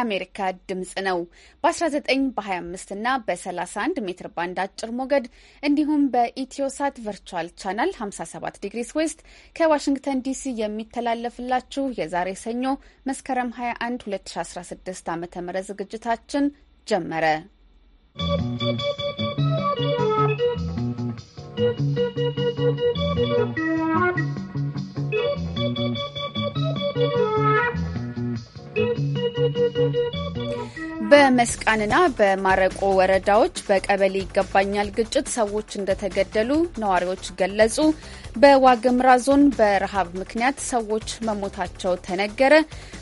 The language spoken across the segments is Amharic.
የአሜሪካ ድምፅ ነው። በ19 በ25 እና በ31 ሜትር ባንድ አጭር ሞገድ እንዲሁም በኢትዮሳት ቨርቹዋል ቻናል 57 ዲግሪስ ዌስት ከዋሽንግተን ዲሲ የሚተላለፍላችሁ የዛሬ ሰኞ መስከረም 21 2016 ዓ ም ዝግጅታችን ጀመረ። ¶¶ በመስቃንና በማረቆ ወረዳዎች በቀበሌ ይገባኛል ግጭት ሰዎች እንደተገደሉ ነዋሪዎች ገለጹ። በዋግምራ ዞን በረሃብ ምክንያት ሰዎች መሞታቸው ተነገረ።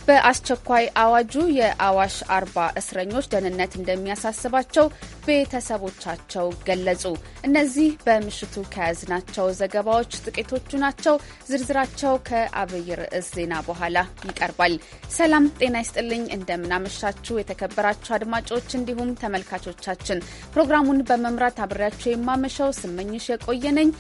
በአስቸኳይ አዋጁ የአዋሽ አርባ እስረኞች ደህንነት እንደሚያሳስባቸው ቤተሰቦቻቸው ገለጹ። እነዚህ በምሽቱ ከያዝናቸው ዘገባዎች ጥቂቶቹ ናቸው። ዝርዝራቸው ከአብይ ርዕስ ዜና በኋላ ይቀርባል። ሰላም ጤና ይስጥልኝ። እንደምናመሻችሁ የተከበራችሁ አድማጮች እንዲሁም ተመልካቾቻችን ፕሮግራሙን በመምራት አብሬያቸው የማመሸው ስመኝሽ የቆየነኝ።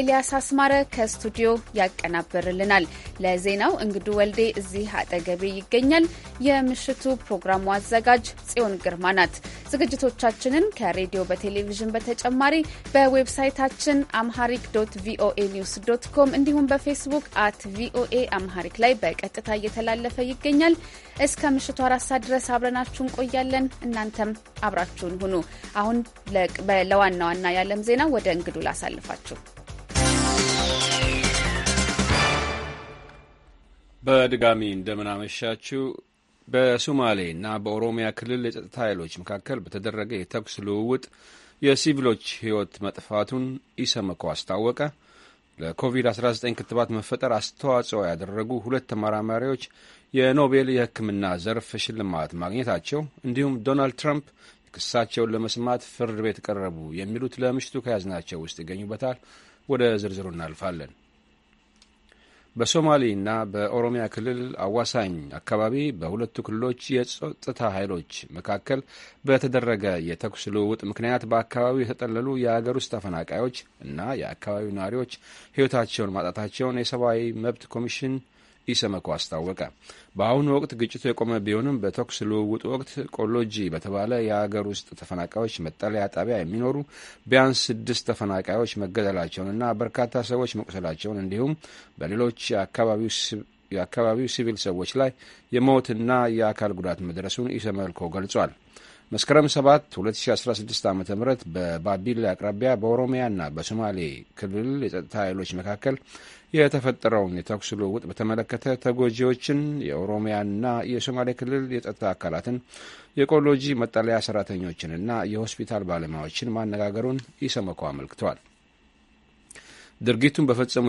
ኤልያስ አስማረ ከስቱዲዮ ያቀናብርልናል። ለዜናው እንግዱ ወልዴ እዚህ አጠገቤ ይገኛል። የምሽቱ ፕሮግራሙ አዘጋጅ ጽዮን ግርማ ናት። ዝግጅቶቻችንን ከሬዲዮ በቴሌቪዥን በተጨማሪ በዌብሳይታችን አምሃሪክ ዶት ቪኦኤ ኒውስ ዶት ኮም እንዲሁም በፌስቡክ አት ቪኦኤ አምሃሪክ ላይ በቀጥታ እየተላለፈ ይገኛል። እስከ ምሽቱ አራት ሰዓት ድረስ አብረናችሁ እንቆያለን። እናንተም አብራችሁን ሁኑ። አሁን ለዋና ዋና የዓለም ዜና ወደ እንግዱ ላሳልፋችሁ። በድጋሚ እንደምናመሻችው እና በኦሮሚያ ክልል የጸጥታ ኃይሎች መካከል በተደረገ የተኩስ ልውውጥ የሲቪሎች ሕይወት መጥፋቱን ኢሰመኮ አስታወቀ። ለኮቪድ-19 ክትባት መፈጠር አስተዋጽኦ ያደረጉ ሁለት ተመራማሪዎች የኖቤል የሕክምና ዘርፍ ሽልማት ማግኘታቸው እንዲሁም ዶናልድ ትራምፕ ክሳቸውን ለመስማት ፍርድ ቤት ቀረቡ የሚሉት ለምሽቱ ከያዝናቸው ውስጥ ይገኙበታል። ወደ ዝርዝሩ እናልፋለን። በሶማሌና በኦሮሚያ ክልል አዋሳኝ አካባቢ በሁለቱ ክልሎች የጸጥታ ኃይሎች መካከል በተደረገ የተኩስ ልውውጥ ምክንያት በአካባቢው የተጠለሉ የአገር ውስጥ ተፈናቃዮች እና የአካባቢው ነዋሪዎች ሕይወታቸውን ማጣታቸውን የሰብአዊ መብት ኮሚሽን ኢሰመኮ አስታወቀ። በአሁኑ ወቅት ግጭቱ የቆመ ቢሆንም በተኩስ ልውውጥ ወቅት ቆሎጂ በተባለ የአገር ውስጥ ተፈናቃዮች መጠለያ ጣቢያ የሚኖሩ ቢያንስ ስድስት ተፈናቃዮች መገደላቸውንና በርካታ ሰዎች መቁሰላቸውን እንዲሁም በሌሎች የአካባቢው ሲቪል ሰዎች ላይ የሞትና የአካል ጉዳት መድረሱን ኢሰመኮ ገልጿል። መስከረም 7 2016 ዓ ም በባቢል አቅራቢያ በኦሮሚያና በሶማሌ ክልል የጸጥታ ኃይሎች መካከል የተፈጠረውን የተኩስ ልውውጥ በተመለከተ ተጎጂዎችን፣ የኦሮሚያና የሶማሌ ክልል የጸጥታ አካላትን፣ የኢኮሎጂ መጠለያ ሰራተኞችንና የሆስፒታል ባለሙያዎችን ማነጋገሩን ኢሰመኮ አመልክተዋል። ድርጊቱን በፈጸሙ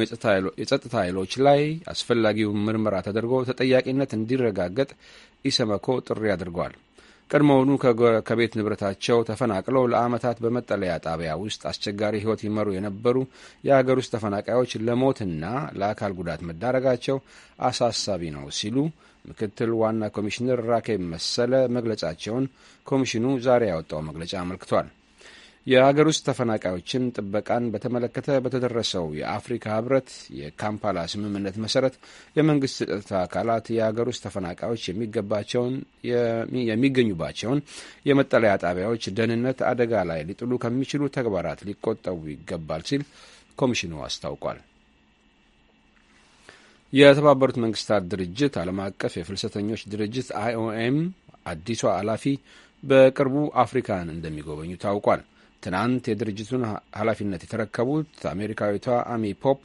የጸጥታ ኃይሎች ላይ አስፈላጊው ምርመራ ተደርጎ ተጠያቂነት እንዲረጋገጥ ኢሰመኮ ጥሪ አድርጓል። ቀድሞውኑ ከቤት ንብረታቸው ተፈናቅለው ለዓመታት በመጠለያ ጣቢያ ውስጥ አስቸጋሪ ሕይወት ይመሩ የነበሩ የሀገር ውስጥ ተፈናቃዮች ለሞትና ለአካል ጉዳት መዳረጋቸው አሳሳቢ ነው ሲሉ ምክትል ዋና ኮሚሽነር ራኬብ መሰለ መግለጻቸውን ኮሚሽኑ ዛሬ ያወጣው መግለጫ አመልክቷል። የአገር ውስጥ ተፈናቃዮችን ጥበቃን በተመለከተ በተደረሰው የአፍሪካ ህብረት የካምፓላ ስምምነት መሰረት የመንግስት ጸጥታ አካላት የአገር ውስጥ ተፈናቃዮች የሚገባቸውን የሚገኙባቸውን የመጠለያ ጣቢያዎች ደህንነት አደጋ ላይ ሊጥሉ ከሚችሉ ተግባራት ሊቆጠቡ ይገባል ሲል ኮሚሽኑ አስታውቋል። የተባበሩት መንግስታት ድርጅት ዓለም አቀፍ የፍልሰተኞች ድርጅት አይኦኤም አዲሷ ኃላፊ በቅርቡ አፍሪካን እንደሚጎበኙ ታውቋል። ትናንት የድርጅቱን ኃላፊነት የተረከቡት አሜሪካዊቷ አሚ ፖፕ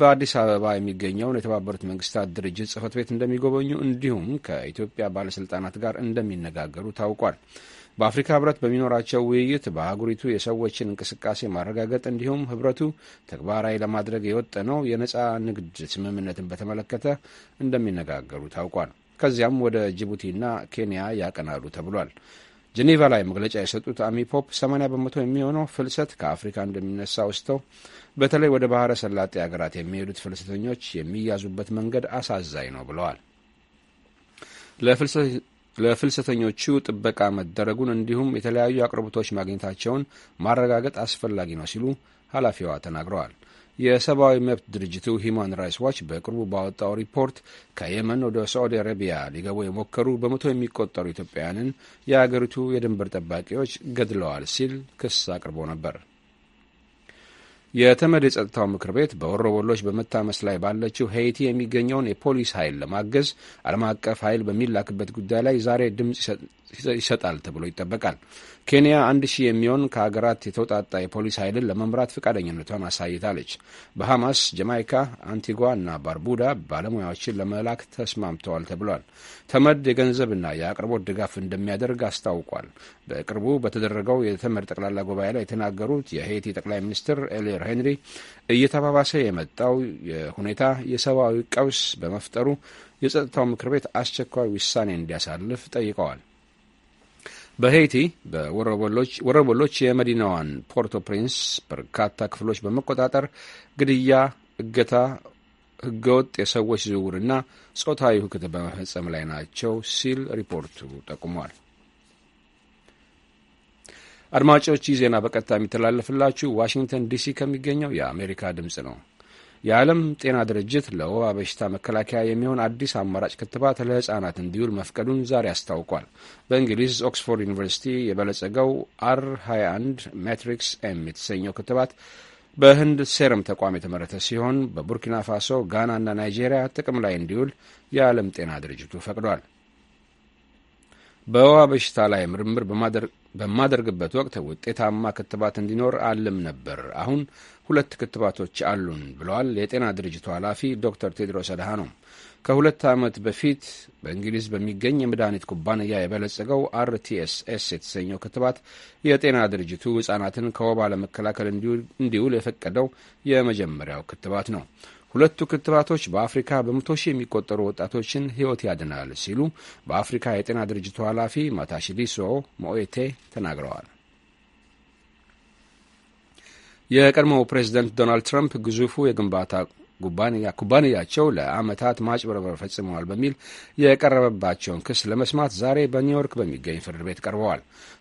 በአዲስ አበባ የሚገኘውን የተባበሩት መንግስታት ድርጅት ጽህፈት ቤት እንደሚጎበኙ እንዲሁም ከኢትዮጵያ ባለስልጣናት ጋር እንደሚነጋገሩ ታውቋል። በአፍሪካ ህብረት በሚኖራቸው ውይይት በአህጉሪቱ የሰዎችን እንቅስቃሴ ማረጋገጥ እንዲሁም ህብረቱ ተግባራዊ ለማድረግ የወጠነው የነፃ ንግድ ስምምነትን በተመለከተ እንደሚነጋገሩ ታውቋል። ከዚያም ወደ ጅቡቲና ኬንያ ያቀናሉ ተብሏል። ጄኔቫ ላይ መግለጫ የሰጡት አሚፖፕ 80 በመቶ የሚሆነው ፍልሰት ከአፍሪካ እንደሚነሳ ውስተው በተለይ ወደ ባህረ ሰላጤ ሀገራት የሚሄዱት ፍልሰተኞች የሚያዙበት መንገድ አሳዛኝ ነው ብለዋል። ለፍልሰተኞቹ ጥበቃ መደረጉን እንዲሁም የተለያዩ አቅርቦቶች ማግኘታቸውን ማረጋገጥ አስፈላጊ ነው ሲሉ ኃላፊዋ ተናግረዋል። የሰብአዊ መብት ድርጅቱ ሂማን ራይትስ ዋች በቅርቡ ባወጣው ሪፖርት ከየመን ወደ ሳዑዲ አረቢያ ሊገቡ የሞከሩ በመቶ የሚቆጠሩ ኢትዮጵያውያንን የአገሪቱ የድንበር ጠባቂዎች ገድለዋል ሲል ክስ አቅርቦ ነበር። የተመድ የጸጥታው ምክር ቤት በወሮበሎች በመታመስ ላይ ባለችው ሄይቲ የሚገኘውን የፖሊስ ኃይል ለማገዝ ዓለም አቀፍ ኃይል በሚላክበት ጉዳይ ላይ ዛሬ ድምፅ ይሰጣል ተብሎ ይጠበቃል። ኬንያ አንድ ሺህ የሚሆን ከሀገራት የተውጣጣ የፖሊስ ኃይልን ለመምራት ፈቃደኝነቷን አሳይታለች። በሐማስ፣ ጀማይካ፣ አንቲጓ እና ባርቡዳ ባለሙያዎችን ለመላክ ተስማምተዋል ተብሏል። ተመድ የገንዘብና የአቅርቦት ድጋፍ እንደሚያደርግ አስታውቋል። በቅርቡ በተደረገው የተመድ ጠቅላላ ጉባኤ ላይ የተናገሩት የሄይቲ ጠቅላይ ሚኒስትር ኤሌር ሄንሪ እየተባባሰ የመጣው ሁኔታ የሰብአዊ ቀውስ በመፍጠሩ የጸጥታው ምክር ቤት አስቸኳይ ውሳኔ እንዲያሳልፍ ጠይቀዋል። በሄይቲ በወረበሎች የመዲናዋን ፖርቶ ፕሪንስ በርካታ ክፍሎች በመቆጣጠር ግድያ፣ እገታ፣ ህገወጥ የሰዎች ዝውውርና ጾታዊ ሁከት በመፈጸም ላይ ናቸው ሲል ሪፖርቱ ጠቁሟል። አድማጮች ይህ ዜና በቀጥታ የሚተላለፍላችሁ ዋሽንግተን ዲሲ ከሚገኘው የአሜሪካ ድምፅ ነው። የዓለም ጤና ድርጅት ለወባ በሽታ መከላከያ የሚሆን አዲስ አማራጭ ክትባት ለሕፃናት እንዲውል መፍቀዱን ዛሬ አስታውቋል። በእንግሊዝ ኦክስፎርድ ዩኒቨርሲቲ የበለጸገው አር 21 ሜትሪክስ ኤም የተሰኘው ክትባት በህንድ ሴረም ተቋም የተመረተ ሲሆን በቡርኪና ፋሶ፣ ጋና እና ናይጄሪያ ጥቅም ላይ እንዲውል የዓለም ጤና ድርጅቱ ፈቅዷል። በወባ በሽታ ላይ ምርምር በማደርግበት ወቅት ውጤታማ ክትባት እንዲኖር አልም ነበር። አሁን ሁለት ክትባቶች አሉን ብለዋል የጤና ድርጅቱ ኃላፊ ዶክተር ቴድሮስ አድሃኖም። ከሁለት ዓመት በፊት በእንግሊዝ በሚገኝ የመድኃኒት ኩባንያ የበለጸገው አርቲኤስኤስ የተሰኘው ክትባት የጤና ድርጅቱ ሕፃናትን ከወባ ለመከላከል እንዲውል የፈቀደው የመጀመሪያው ክትባት ነው። ሁለቱ ክትባቶች በአፍሪካ በመቶ ሺህ የሚቆጠሩ ወጣቶችን ሕይወት ያድናል ሲሉ በአፍሪካ የጤና ድርጅቱ ኃላፊ ማታሽሊሶ ሞኤቴ ተናግረዋል። የቀድሞው ፕሬዚደንት ዶናልድ ትራምፕ ግዙፉ የግንባታ ኩባንያቸው ለዓመታት ማጭበርበር ፈጽመዋል በሚል የቀረበባቸውን ክስ ለመስማት ዛሬ በኒውዮርክ በሚገኝ ፍርድ ቤት ቀርበዋል።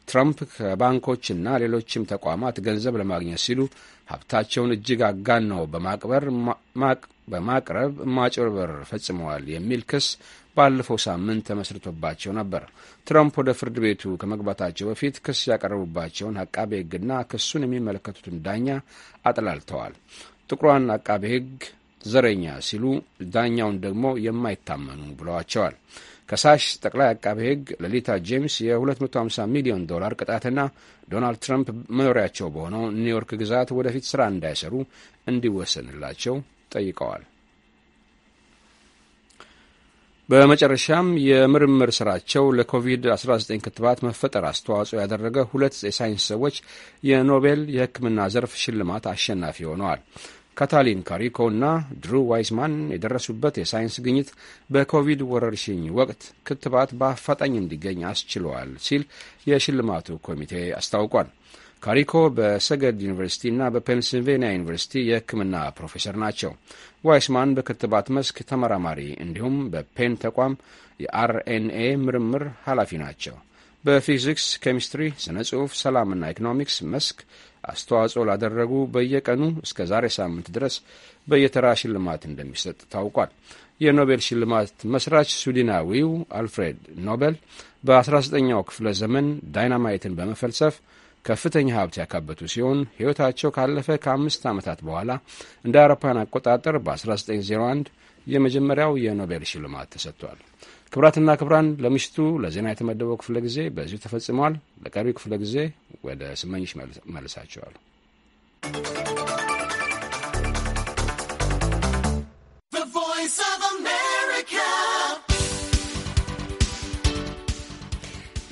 ትራምፕ ከባንኮችና ሌሎችም ተቋማት ገንዘብ ለማግኘት ሲሉ ሀብታቸውን እጅግ አጋነው በማቅበር በማቅረብ ማጭበርበር ፈጽመዋል የሚል ክስ ባለፈው ሳምንት ተመስርቶባቸው ነበር። ትራምፕ ወደ ፍርድ ቤቱ ከመግባታቸው በፊት ክስ ያቀረቡባቸውን አቃቤ ሕግና ክሱን የሚመለከቱትን ዳኛ አጥላልተዋል። ጥቁሯን አቃቤ ሕግ ዘረኛ ሲሉ፣ ዳኛውን ደግሞ የማይታመኑ ብለዋቸዋል። ከሳሽ ጠቅላይ አቃቤ ሕግ ለሊታ ጄምስ የ250 ሚሊዮን ዶላር ቅጣትና ዶናልድ ትራምፕ መኖሪያቸው በሆነው ኒውዮርክ ግዛት ወደፊት ስራ እንዳይሰሩ እንዲወሰንላቸው ጠይቀዋል። በመጨረሻም የምርምር ስራቸው ለኮቪድ-19 ክትባት መፈጠር አስተዋጽኦ ያደረገ ሁለት የሳይንስ ሰዎች የኖቤል የሕክምና ዘርፍ ሽልማት አሸናፊ ሆነዋል። ካታሊን ካሪኮ እና ድሩ ዋይስማን የደረሱበት የሳይንስ ግኝት በኮቪድ ወረርሽኝ ወቅት ክትባት በአፋጣኝ እንዲገኝ አስችለዋል ሲል የሽልማቱ ኮሚቴ አስታውቋል። ካሪኮ በሰገድ ዩኒቨርሲቲ እና በፔንስልቬንያ ዩኒቨርሲቲ የሕክምና ፕሮፌሰር ናቸው። ዋይስማን በክትባት መስክ ተመራማሪ እንዲሁም በፔን ተቋም የአርኤንኤ ምርምር ኃላፊ ናቸው። በፊዚክስ፣ ኬሚስትሪ፣ ስነ ጽሑፍ፣ ሰላምና ኢኮኖሚክስ መስክ አስተዋጽኦ ላደረጉ በየቀኑ እስከ ዛሬ ሳምንት ድረስ በየተራ ሽልማት እንደሚሰጥ ታውቋል። የኖቤል ሽልማት መስራች ስዊድናዊው አልፍሬድ ኖቤል በ19ኛው ክፍለ ዘመን ዳይናማይትን በመፈልሰፍ ከፍተኛ ሀብት ያካበቱ ሲሆን ሕይወታቸው ካለፈ ከአምስት ዓመታት በኋላ እንደ አውሮፓውያን አቆጣጠር በ1901 የመጀመሪያው የኖቤል ሽልማት ተሰጥቷል። ክብራትና ክብራን ለምሽቱ ለዜና የተመደበው ክፍለ ጊዜ በዚሁ ተፈጽሟል። ለቀሪው ክፍለ ጊዜ ወደ ስመኝሽ መልሳቸዋል።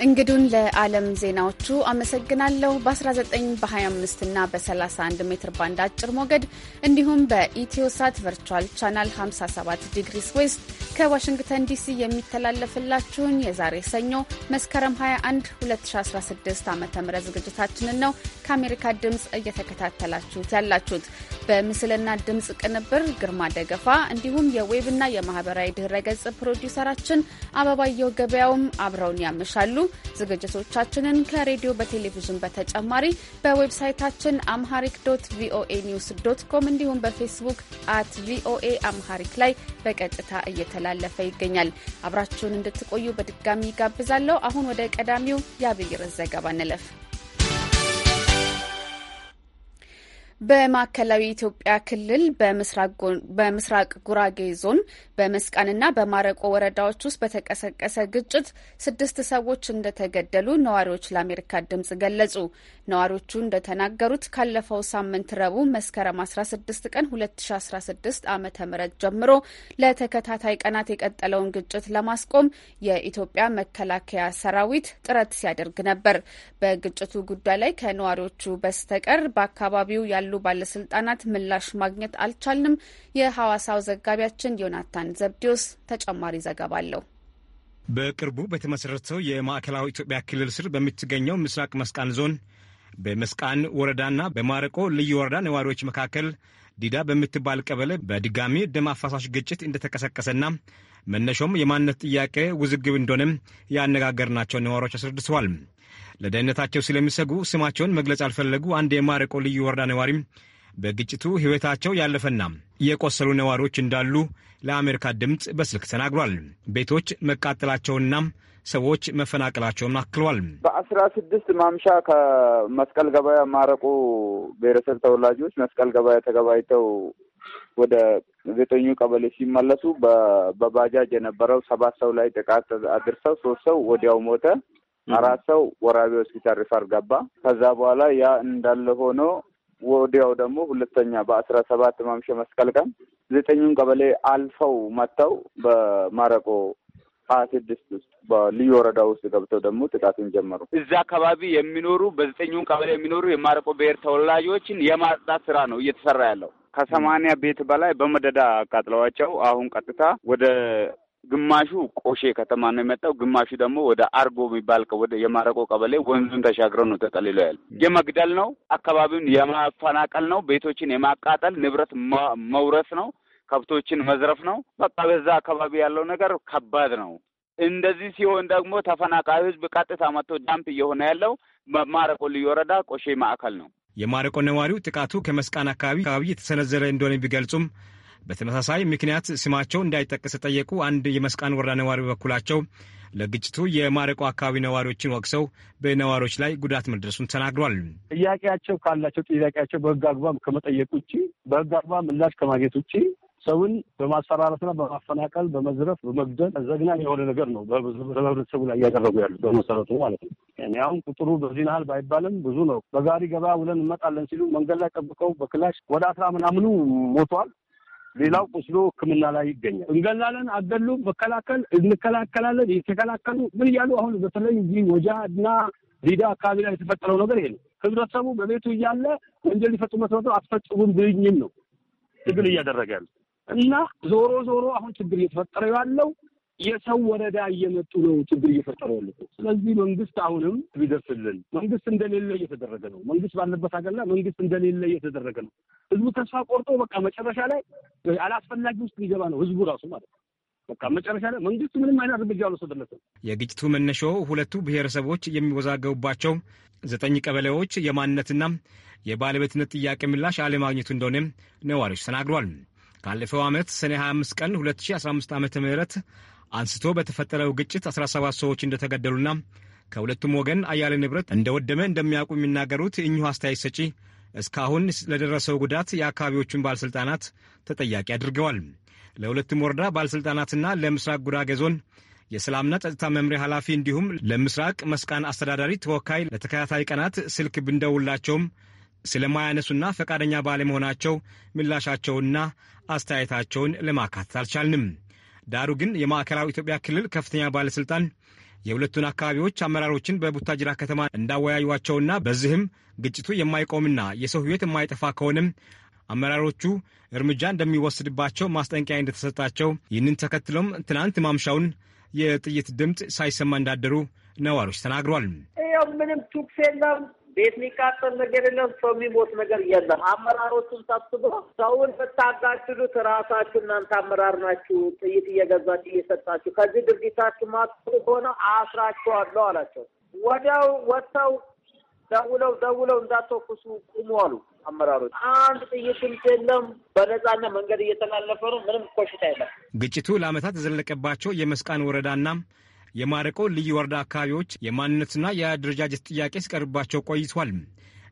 እንግዱን ለዓለም ዜናዎቹ አመሰግናለሁ። በ19 በ25 እና በ31 ሜትር ባንድ አጭር ሞገድ እንዲሁም በኢትዮሳት ቨርቹዋል ቻናል 57 ዲግሪስ ዌስት ከዋሽንግተን ዲሲ የሚተላለፍላችሁን የዛሬ ሰኞ መስከረም 21 2016 ዓ ም ዝግጅታችንን ነው ከአሜሪካ ድምፅ እየተከታተላችሁት ያላችሁት። በምስልና ድምፅ ቅንብር ግርማ ደገፋ እንዲሁም የዌብና የማህበራዊ ድህረ ገጽ ፕሮዲውሰራችን አበባየው ገበያውም አብረውን ያመሻሉ። ዝግጅቶቻችንን ከሬዲዮ በቴሌቪዥን በተጨማሪ በዌብሳይታችን አምሃሪክ ዶት ቪኦኤ ኒውስ ዶት ኮም እንዲሁም በፌስቡክ አት ቪኦኤ አምሃሪክ ላይ በቀጥታ እየተላለፈ ይገኛል። አብራችሁን እንድትቆዩ በድጋሚ ይጋብዛለሁ አሁን ወደ ቀዳሚው የአብይር ዘገባ እንለፍ። በማዕከላዊ ኢትዮጵያ ክልል በምስራቅ ጉራጌ ዞን በመስቃንና በማረቆ ወረዳዎች ውስጥ በተቀሰቀሰ ግጭት ስድስት ሰዎች እንደተገደሉ ነዋሪዎች ለአሜሪካ ድምጽ ገለጹ። ነዋሪዎቹ እንደተናገሩት ካለፈው ሳምንት ረቡዕ መስከረም 16 ቀን 2016 ዓ ም ጀምሮ ለተከታታይ ቀናት የቀጠለውን ግጭት ለማስቆም የኢትዮጵያ መከላከያ ሰራዊት ጥረት ሲያደርግ ነበር። በግጭቱ ጉዳይ ላይ ከነዋሪዎቹ በስተቀር በአካባቢው ያሉ ያሉ ባለስልጣናት ምላሽ ማግኘት አልቻልንም። የሐዋሳው ዘጋቢያችን ዮናታን ዘብዲዮስ ተጨማሪ ዘገባ አለው። በቅርቡ በተመሰረተው የማዕከላዊ ኢትዮጵያ ክልል ስር በምትገኘው ምስራቅ መስቃን ዞን በመስቃን ወረዳና በማረቆ ልዩ ወረዳ ነዋሪዎች መካከል ዲዳ በምትባል ቀበሌ በድጋሚ ደም አፋሳሽ ግጭት እንደተቀሰቀሰና መነሾም የማንነት ጥያቄ ውዝግብ እንደሆነም ያነጋገርናቸው ነዋሪዎች አስረድተዋል። ለደህንነታቸው ስለሚሰጉ ስማቸውን መግለጽ ያልፈለጉ አንድ የማረቆ ልዩ ወረዳ ነዋሪም በግጭቱ ሕይወታቸው ያለፈና የቆሰሉ ነዋሪዎች እንዳሉ ለአሜሪካ ድምፅ በስልክ ተናግሯል። ቤቶች መቃጠላቸውና ሰዎች መፈናቀላቸውን አክሏል። በአስራ ስድስት ማምሻ ከመስቀል ገበያ ማረቆ ብሔረሰብ ተወላጆች መስቀል ገበያ ተገባይተው ወደ ዘጠኙ ቀበሌ ሲመለሱ በባጃጅ የነበረው ሰባት ሰው ላይ ጥቃት አድርሰው ሶስት ሰው ወዲያው ሞተ። አራት ሰው ወራቤ ሆስፒታል ሪፈር ገባ። ከዛ በኋላ ያ እንዳለ ሆኖ ወዲያው ደግሞ ሁለተኛ በአስራ ሰባት ማምሸ መስቀል ቀን ዘጠኙን ቀበሌ አልፈው መጥተው በማረቆ ሀያ ስድስት ውስጥ በልዩ ወረዳ ውስጥ ገብተው ደግሞ ጥቃትን ጀመሩ። እዛ አካባቢ የሚኖሩ በዘጠኙን ቀበሌ የሚኖሩ የማረቆ ብሔር ተወላጆችን የማጽዳት ስራ ነው እየተሰራ ያለው። ከሰማንያ ቤት በላይ በመደዳ አቃጥለዋቸው አሁን ቀጥታ ወደ ግማሹ ቆሼ ከተማ ነው የመጣው፣ ግማሹ ደግሞ ወደ አርጎ የሚባል ወደ የማረቆ ቀበሌ ወንዙን ተሻግረው ነው ተጠልሎ ያለ። የመግደል ነው፣ አካባቢውን የማፈናቀል ነው፣ ቤቶችን የማቃጠል ንብረት መውረስ ነው፣ ከብቶችን መዝረፍ ነው። በቃ በዛ አካባቢ ያለው ነገር ከባድ ነው። እንደዚህ ሲሆን ደግሞ ተፈናቃዩ ህዝብ ቀጥታ መጥቶ ዳምፕ እየሆነ ያለው ማረቆ ልዩ ወረዳ ቆሼ ማዕከል ነው። የማረቆ ነዋሪው ጥቃቱ ከመስቃን አካባቢ አካባቢ የተሰነዘረ እንደሆነ ቢገልጹም በተመሳሳይ ምክንያት ስማቸው እንዳይጠቀስ ጠየቁ አንድ የመስቃን ወረዳ ነዋሪ በበኩላቸው ለግጭቱ የማረቆ አካባቢ ነዋሪዎችን ወቅሰው በነዋሪዎች ላይ ጉዳት መድረሱን ተናግሯል። ጥያቄያቸው ካላቸው ጥያቄያቸው በህግ አግባብ ከመጠየቅ ውጭ በህግ አግባብ ምላሽ ከማግኘት ውጭ ሰውን በማሰራራትና በማፈናቀል በመዝረፍ በመግደል ዘግናኝ የሆነ ነገር ነው በህብረተሰቡ ላይ እያደረጉ ያሉ በመሰረቱ ማለት ነው። እኔ አሁን ቁጥሩ በዚህ ናህል ባይባልም ብዙ ነው። በጋሪ ገባ ውለን እንመጣለን ሲሉ መንገድ ላይ ጠብቀው በክላሽ ወደ አስራ ምናምኑ ሞቷል። ሌላው ቁስሎ ሕክምና ላይ ይገኛል። እንገላለን፣ አገሉ፣ መከላከል እንከላከላለን። የተከላከሉ ምን እያሉ አሁን በተለይ እዚህ ወጃ እና ዲዳ አካባቢ ላይ የተፈጠረው ነገር ይሄ ነው። ህብረተሰቡ በቤቱ እያለ ወንጀል ሊፈጽሙበት መጥቶ አትፈጽሙም ብይኝም ነው ትግል እያደረገ ያለ እና ዞሮ ዞሮ አሁን ችግር እየተፈጠረ ያለው የሰው ወረዳ እየመጡ ነው ችግር እየፈጠሩ ያሉት። ስለዚህ መንግስት አሁንም ቢደርስልን። መንግስት እንደሌለ እየተደረገ ነው። መንግስት ባለበት ሀገር ላይ መንግስት እንደሌለ እየተደረገ ነው። ህዝቡ ተስፋ ቆርጦ በቃ መጨረሻ ላይ አላስፈላጊ ውስጥ ሊገባ ነው ህዝቡ ራሱ ማለት ነው። በቃ መጨረሻ ላይ መንግስት ምንም አይነት እርምጃ አልወሰደለትም። የግጭቱ መነሾ ሁለቱ ብሔረሰቦች የሚወዛገቡባቸው ዘጠኝ ቀበሌዎች የማንነትና የባለቤትነት ጥያቄ ምላሽ አለማግኘቱ እንደሆነ ነዋሪዎች ተናግሯል። ካለፈው ዓመት ሰኔ 25 ቀን 2015 ዓ ም አንስቶ በተፈጠረው ግጭት 17 ሰዎች እንደተገደሉና ከሁለቱም ወገን አያሌ ንብረት እንደወደመ እንደሚያውቁ የሚናገሩት እኚሁ አስተያየት ሰጪ እስካሁን ለደረሰው ጉዳት የአካባቢዎቹን ባለሥልጣናት ተጠያቂ አድርገዋል። ለሁለቱም ወረዳ ባለሥልጣናትና ለምስራቅ ጉራጌ ዞን የሰላምና ጸጥታ መምሪያ ኃላፊ እንዲሁም ለምስራቅ መስቃን አስተዳዳሪ ተወካይ ለተከታታይ ቀናት ስልክ ብንደውላቸውም ስለማያነሱና ፈቃደኛ ባለመሆናቸው ምላሻቸውና አስተያየታቸውን ለማካተት አልቻልንም። ዳሩ ግን የማዕከላዊ ኢትዮጵያ ክልል ከፍተኛ ባለስልጣን የሁለቱን አካባቢዎች አመራሮችን በቡታጅራ ከተማ እንዳወያዩቸውና በዚህም ግጭቱ የማይቆምና የሰው ሕይወት የማይጠፋ ከሆነም አመራሮቹ እርምጃ እንደሚወስድባቸው ማስጠንቀቂያ እንደተሰጣቸው፣ ይህንን ተከትሎም ትናንት ማምሻውን የጥይት ድምፅ ሳይሰማ እንዳደሩ ነዋሪዎች ተናግሯል። ምንም ቱክስ የለም ቤት የሚቃጠል ነገር የለም። ሰው የሚሞት ነገር የለም። አመራሮቹን ሰብስቦ ሰውን ብታጋድሉት ራሳችሁ እናንተ አመራር ናችሁ፣ ጥይት እየገዛችሁ እየሰጣችሁ ከዚህ ድርጊታችሁ ሆነ ከሆነ አስራችኋለሁ አላቸው። ወዲያው ወጥተው ደውለው ደውለው እንዳትተኩሱ ቁሙ አሉ አመራሮች። አንድ ጥይትም የለም። በነጻና መንገድ እየተላለፈ ነው። ምንም ኮሽታ የለም። ግጭቱ ለአመታት የዘለቀባቸው የመስቃን ወረዳና የማረቆ ልዩ ወረዳ አካባቢዎች የማንነትና የአደረጃጀት ጥያቄ ሲቀርባቸው ቆይቷል።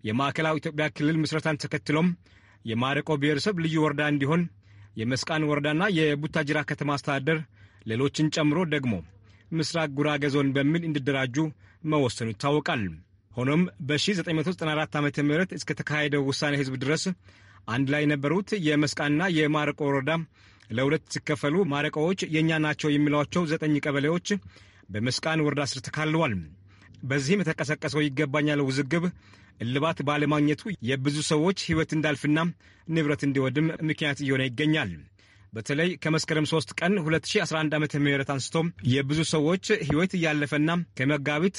የማዕከላዊ ኢትዮጵያ ክልል ምስረታን ተከትሎም የማረቆ ብሔረሰብ ልዩ ወረዳ እንዲሆን የመስቃን ወረዳና የቡታጅራ ከተማ አስተዳደር ሌሎችን ጨምሮ ደግሞ ምስራቅ ጉራጌ ዞን በሚል እንዲደራጁ መወሰኑ ይታወቃል። ሆኖም በ1994 ዓ ም እስከተካሄደው ውሳኔ ህዝብ ድረስ አንድ ላይ የነበሩት የመስቃንና የማረቆ ወረዳ ለሁለት ሲከፈሉ ማረቆዎች የእኛ ናቸው የሚሏቸው ዘጠኝ ቀበሌዎች በመስቃን ወረዳ ስር ተካልሏል። በዚህም የተቀሰቀሰው ይገባኛል ውዝግብ እልባት ባለማግኘቱ የብዙ ሰዎች ሕይወት እንዳልፍና ንብረት እንዲወድም ምክንያት እየሆነ ይገኛል። በተለይ ከመስከረም 3 ቀን 2011 ዓ ም አንስቶ የብዙ ሰዎች ሕይወት እያለፈና ከመጋቢት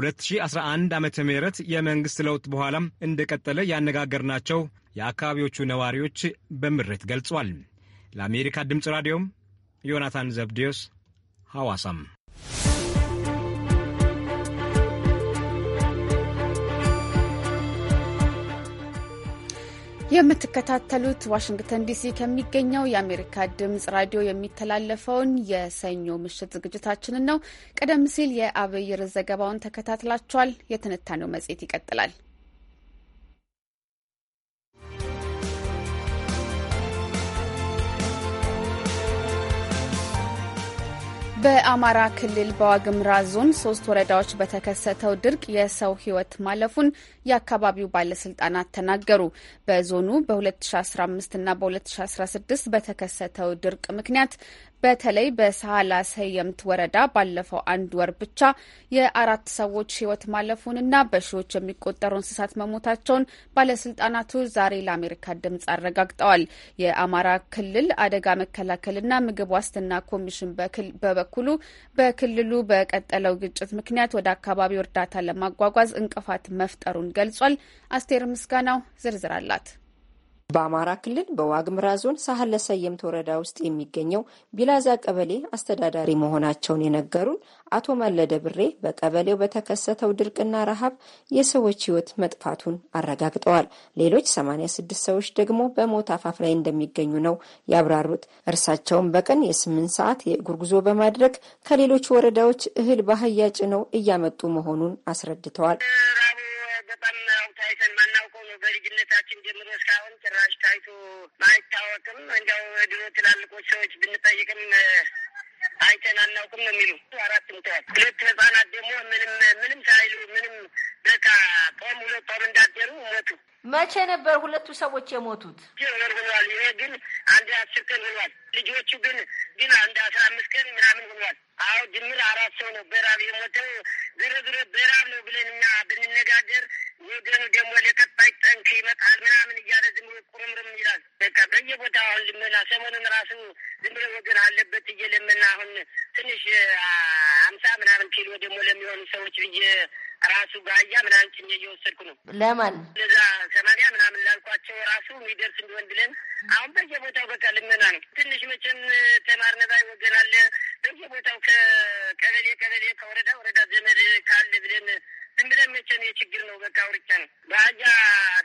2011 ዓ ም የመንግሥት ለውጥ በኋላ እንደቀጠለ ያነጋገርናቸው የአካባቢዎቹ ነዋሪዎች በምሬት ገልጿል። ለአሜሪካ ድምፅ ራዲዮም ዮናታን ዘብዴዎስ ሐዋሳም የምትከታተሉት ዋሽንግተን ዲሲ ከሚገኘው የአሜሪካ ድምጽ ራዲዮ የሚተላለፈውን የሰኞ ምሽት ዝግጅታችንን ነው። ቀደም ሲል የአብይር ዘገባውን ተከታትላችኋል። የትንታኔው መጽሔት ይቀጥላል። በአማራ ክልል በዋግምራ ዞን ሶስት ወረዳዎች በተከሰተው ድርቅ የሰው ሕይወት ማለፉን የአካባቢው ባለስልጣናት ተናገሩ። በዞኑ በ2015 እና በ2016 በተከሰተው ድርቅ ምክንያት በተለይ በሳህላ ሰየምት ወረዳ ባለፈው አንድ ወር ብቻ የአራት ሰዎች ሕይወት ማለፉንና በሺዎች የሚቆጠሩ እንስሳት መሞታቸውን ባለስልጣናቱ ዛሬ ለአሜሪካ ድምጽ አረጋግጠዋል። የአማራ ክልል አደጋ መከላከልና ምግብ ዋስትና ኮሚሽን በበኩሉ በክልሉ በቀጠለው ግጭት ምክንያት ወደ አካባቢው እርዳታ ለማጓጓዝ እንቅፋት መፍጠሩን ገልጿል። አስቴር ምስጋናው ዝርዝር አላት። በአማራ ክልል በዋግምራ ዞን ሳህለ ሰየምት ወረዳ ውስጥ የሚገኘው ቢላዛ ቀበሌ አስተዳዳሪ መሆናቸውን የነገሩን አቶ መለደ ብሬ በቀበሌው በተከሰተው ድርቅና ረሃብ የሰዎች ሕይወት መጥፋቱን አረጋግጠዋል። ሌሎች 86 ሰዎች ደግሞ በሞት አፋፍ ላይ እንደሚገኙ ነው ያብራሩት። እርሳቸውም በቀን የስምንት ሰዓት የእግር ጉዞ በማድረግ ከሌሎች ወረዳዎች እህል ባህያ ጭነው እያመጡ መሆኑን አስረድተዋል። በጣም ያው ታይተን ማናውቀው ነው። በልጅነታችን ጀምሮ እስካሁን ጭራሽ ታይቶ ማይታወቅም። እንዲያው ድሮ ትላልቆች ሰዎች ብንጠይቅም አይተን አናውቅም ነው የሚሉ አራት ምተዋል። ሁለት ህጻናት ደግሞ ምንም ምንም ሳይሉ ምንም በቃ ቆም ሁለት ቆም እንዳደሩ ሞቱ። መቼ ነበር ሁለቱ ሰዎች የሞቱት? ጀምር ብሏል። ይሄ ግን አንድ አስር ቀን ሆኗል። ልጆቹ ግን ግን አንድ አስራ አምስት ቀን ምናምን ሆኗል። አዎ ድምር አራት ሰው ነው በራብ የሞተው። ግርግር በራብ ነው ብለን እኛ ብንነጋገር ወገኑ ደግሞ ለቀጣይ ጠንክ ይመጣል ምናምን እያለ ዝም ብሎ ቁርምርም ይላል። በቃ በየቦታ አሁን ልመና ሰሞኑን ራሱ ዝም ብሎ ወገን አለበት እየለመና አሁን ትንሽ አምሳ ምናምን ኪሎ ደግሞ ለሚሆኑ ሰዎች ብዬ ራሱ ባያ ምናምን ጭኜ እየወሰድኩ ነው። ለማን እዛ ሰማንያ ምናምን ላልኳቸው ራሱ የሚደርስ እንዲሆን ብለን አሁን በየቦታው በቃ ልመና ነው። ትንሽ መቼም ተማርነባ ይወገናለ ወገን አለ በየቦታው ከቀበሌ ቀበሌ፣ ከወረዳ ወረዳ ዘመድ ካለ ብለን ዝም ብለን መቼም የችግር ነው በቃ ውርቻ ነው በአጃ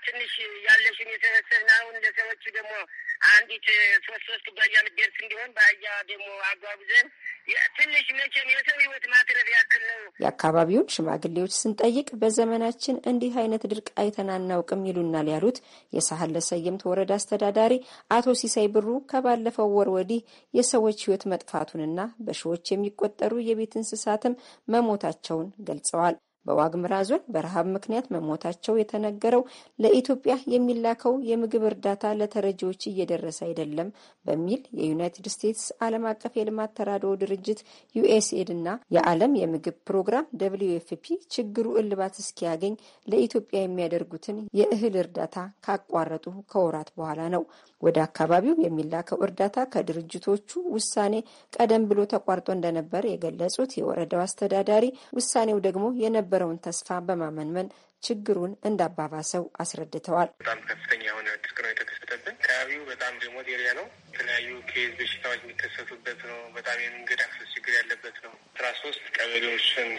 ትንሽ ያለሽን የተወሰነ አሁን ለሰዎቹ ደግሞ አንዲት ሶስት ሶስት ኩባያ ልደርስ እንዲሆን በአያ ደግሞ አጓጉዘን ትንሽ መቼም የሰው ህይወት ማትረፍ ያክል ነው። የአካባቢውን ሽማግሌዎች ስንጠይቅ በዘመናችን እንዲህ አይነት ድርቅ አይተን አናውቅም ይሉናል ያሉት የሳህለ ለሰየምት ወረዳ አስተዳዳሪ አቶ ሲሳይ ብሩ ከባለፈው ወር ወዲህ የሰዎች ህይወት መጥፋቱንና በሺዎች የሚቆጠሩ የቤት እንስሳትም መሞታቸውን ገልጸዋል። በዋግምራ ዞን በረሃብ ምክንያት መሞታቸው የተነገረው ለኢትዮጵያ የሚላከው የምግብ እርዳታ ለተረጂዎች እየደረሰ አይደለም በሚል የዩናይትድ ስቴትስ ዓለም አቀፍ የልማት ተራድኦ ድርጅት ዩኤስኤድ እና የዓለም የምግብ ፕሮግራም ደብልዩ ፒ ችግሩ እልባት እስኪያገኝ ለኢትዮጵያ የሚያደርጉትን የእህል እርዳታ ካቋረጡ ከወራት በኋላ ነው። ወደ አካባቢው የሚላከው እርዳታ ከድርጅቶቹ ውሳኔ ቀደም ብሎ ተቋርጦ እንደነበር የገለጹት የወረዳው አስተዳዳሪ ውሳኔው ደግሞ የነበ የነበረውን ተስፋ በማመንመን ችግሩን እንዳባባሰው አስረድተዋል። በጣም ከፍተኛ የሆነ ችግር ነው የተከሰተብን። አካባቢው በጣም ሪሞት ኤሪያ ነው። የተለያዩ ኬዝ በሽታዎች የሚከሰቱበት ነው። በጣም የመንገድ አክሰስ ችግር ያለበት ነው። አስራ ሶስት ቀበሌዎችን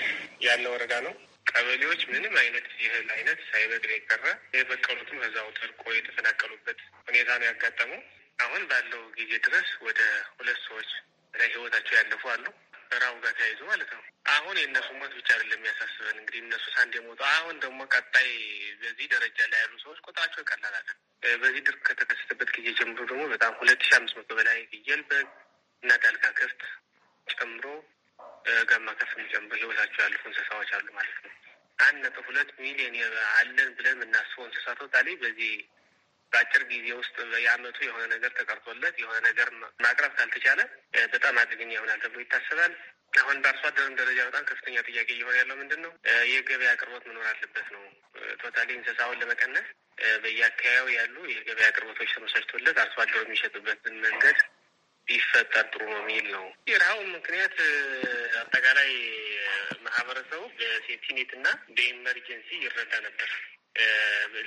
ያለ ወረዳ ነው። ቀበሌዎች ምንም አይነት የእህል አይነት ሳይበቅል የቀረ የበቀሉትም ከዛው ተልቆ የተፈናቀሉበት ሁኔታ ነው ያጋጠመው። አሁን ባለው ጊዜ ድረስ ወደ ሁለት ሰዎች ላይ ህይወታቸው ያለፉ አሉ። ስራው ጋር ተያይዞ ማለት ነው። አሁን የእነሱ ሞት ብቻ አይደለም የሚያሳስበን። እንግዲህ እነሱ ሳንድ የሞቱ አሁን ደግሞ ቀጣይ በዚህ ደረጃ ላይ ያሉ ሰዎች ቁጥራቸው ቀላል አይደለም። በዚህ ድርቅ ከተከሰተበት ጊዜ ጀምሮ ደግሞ በጣም ሁለት ሺ አምስት መቶ በላይ ፍየል፣ በግ እና ዳልጋ ከፍት ጨምሮ ጋማ ከፍት ጨምሮ ህይወታቸው ያለፉ እንስሳዎች አሉ ማለት ነው። አንድ ነጥብ ሁለት ሚሊዮን አለን ብለን የምናስበው እንስሳት በዚህ በአጭር ጊዜ ውስጥ የአመቱ የሆነ ነገር ተቀርቶለት የሆነ ነገር ማቅረብ ካልተቻለ በጣም አደገኛ ይሆናል ተብሎ ይታሰባል። አሁን በአርሶ አደርም ደረጃ በጣም ከፍተኛ ጥያቄ እየሆነ ያለው ምንድን ነው? የገበያ አቅርቦት መኖር አለበት ነው። ቶታሊ እንስሳውን ለመቀነስ በየአካባቢው ያሉ የገበያ አቅርቦቶች ተመሳጅቶለት አርሶ አደሩ የሚሸጥበትን መንገድ ቢፈጠር ጥሩ ነው የሚል ነው። የረሃቡ ምክንያት አጠቃላይ ማህበረሰቡ በሴፍቲኔት እና በኤመርጀንሲ ይረዳ ነበር።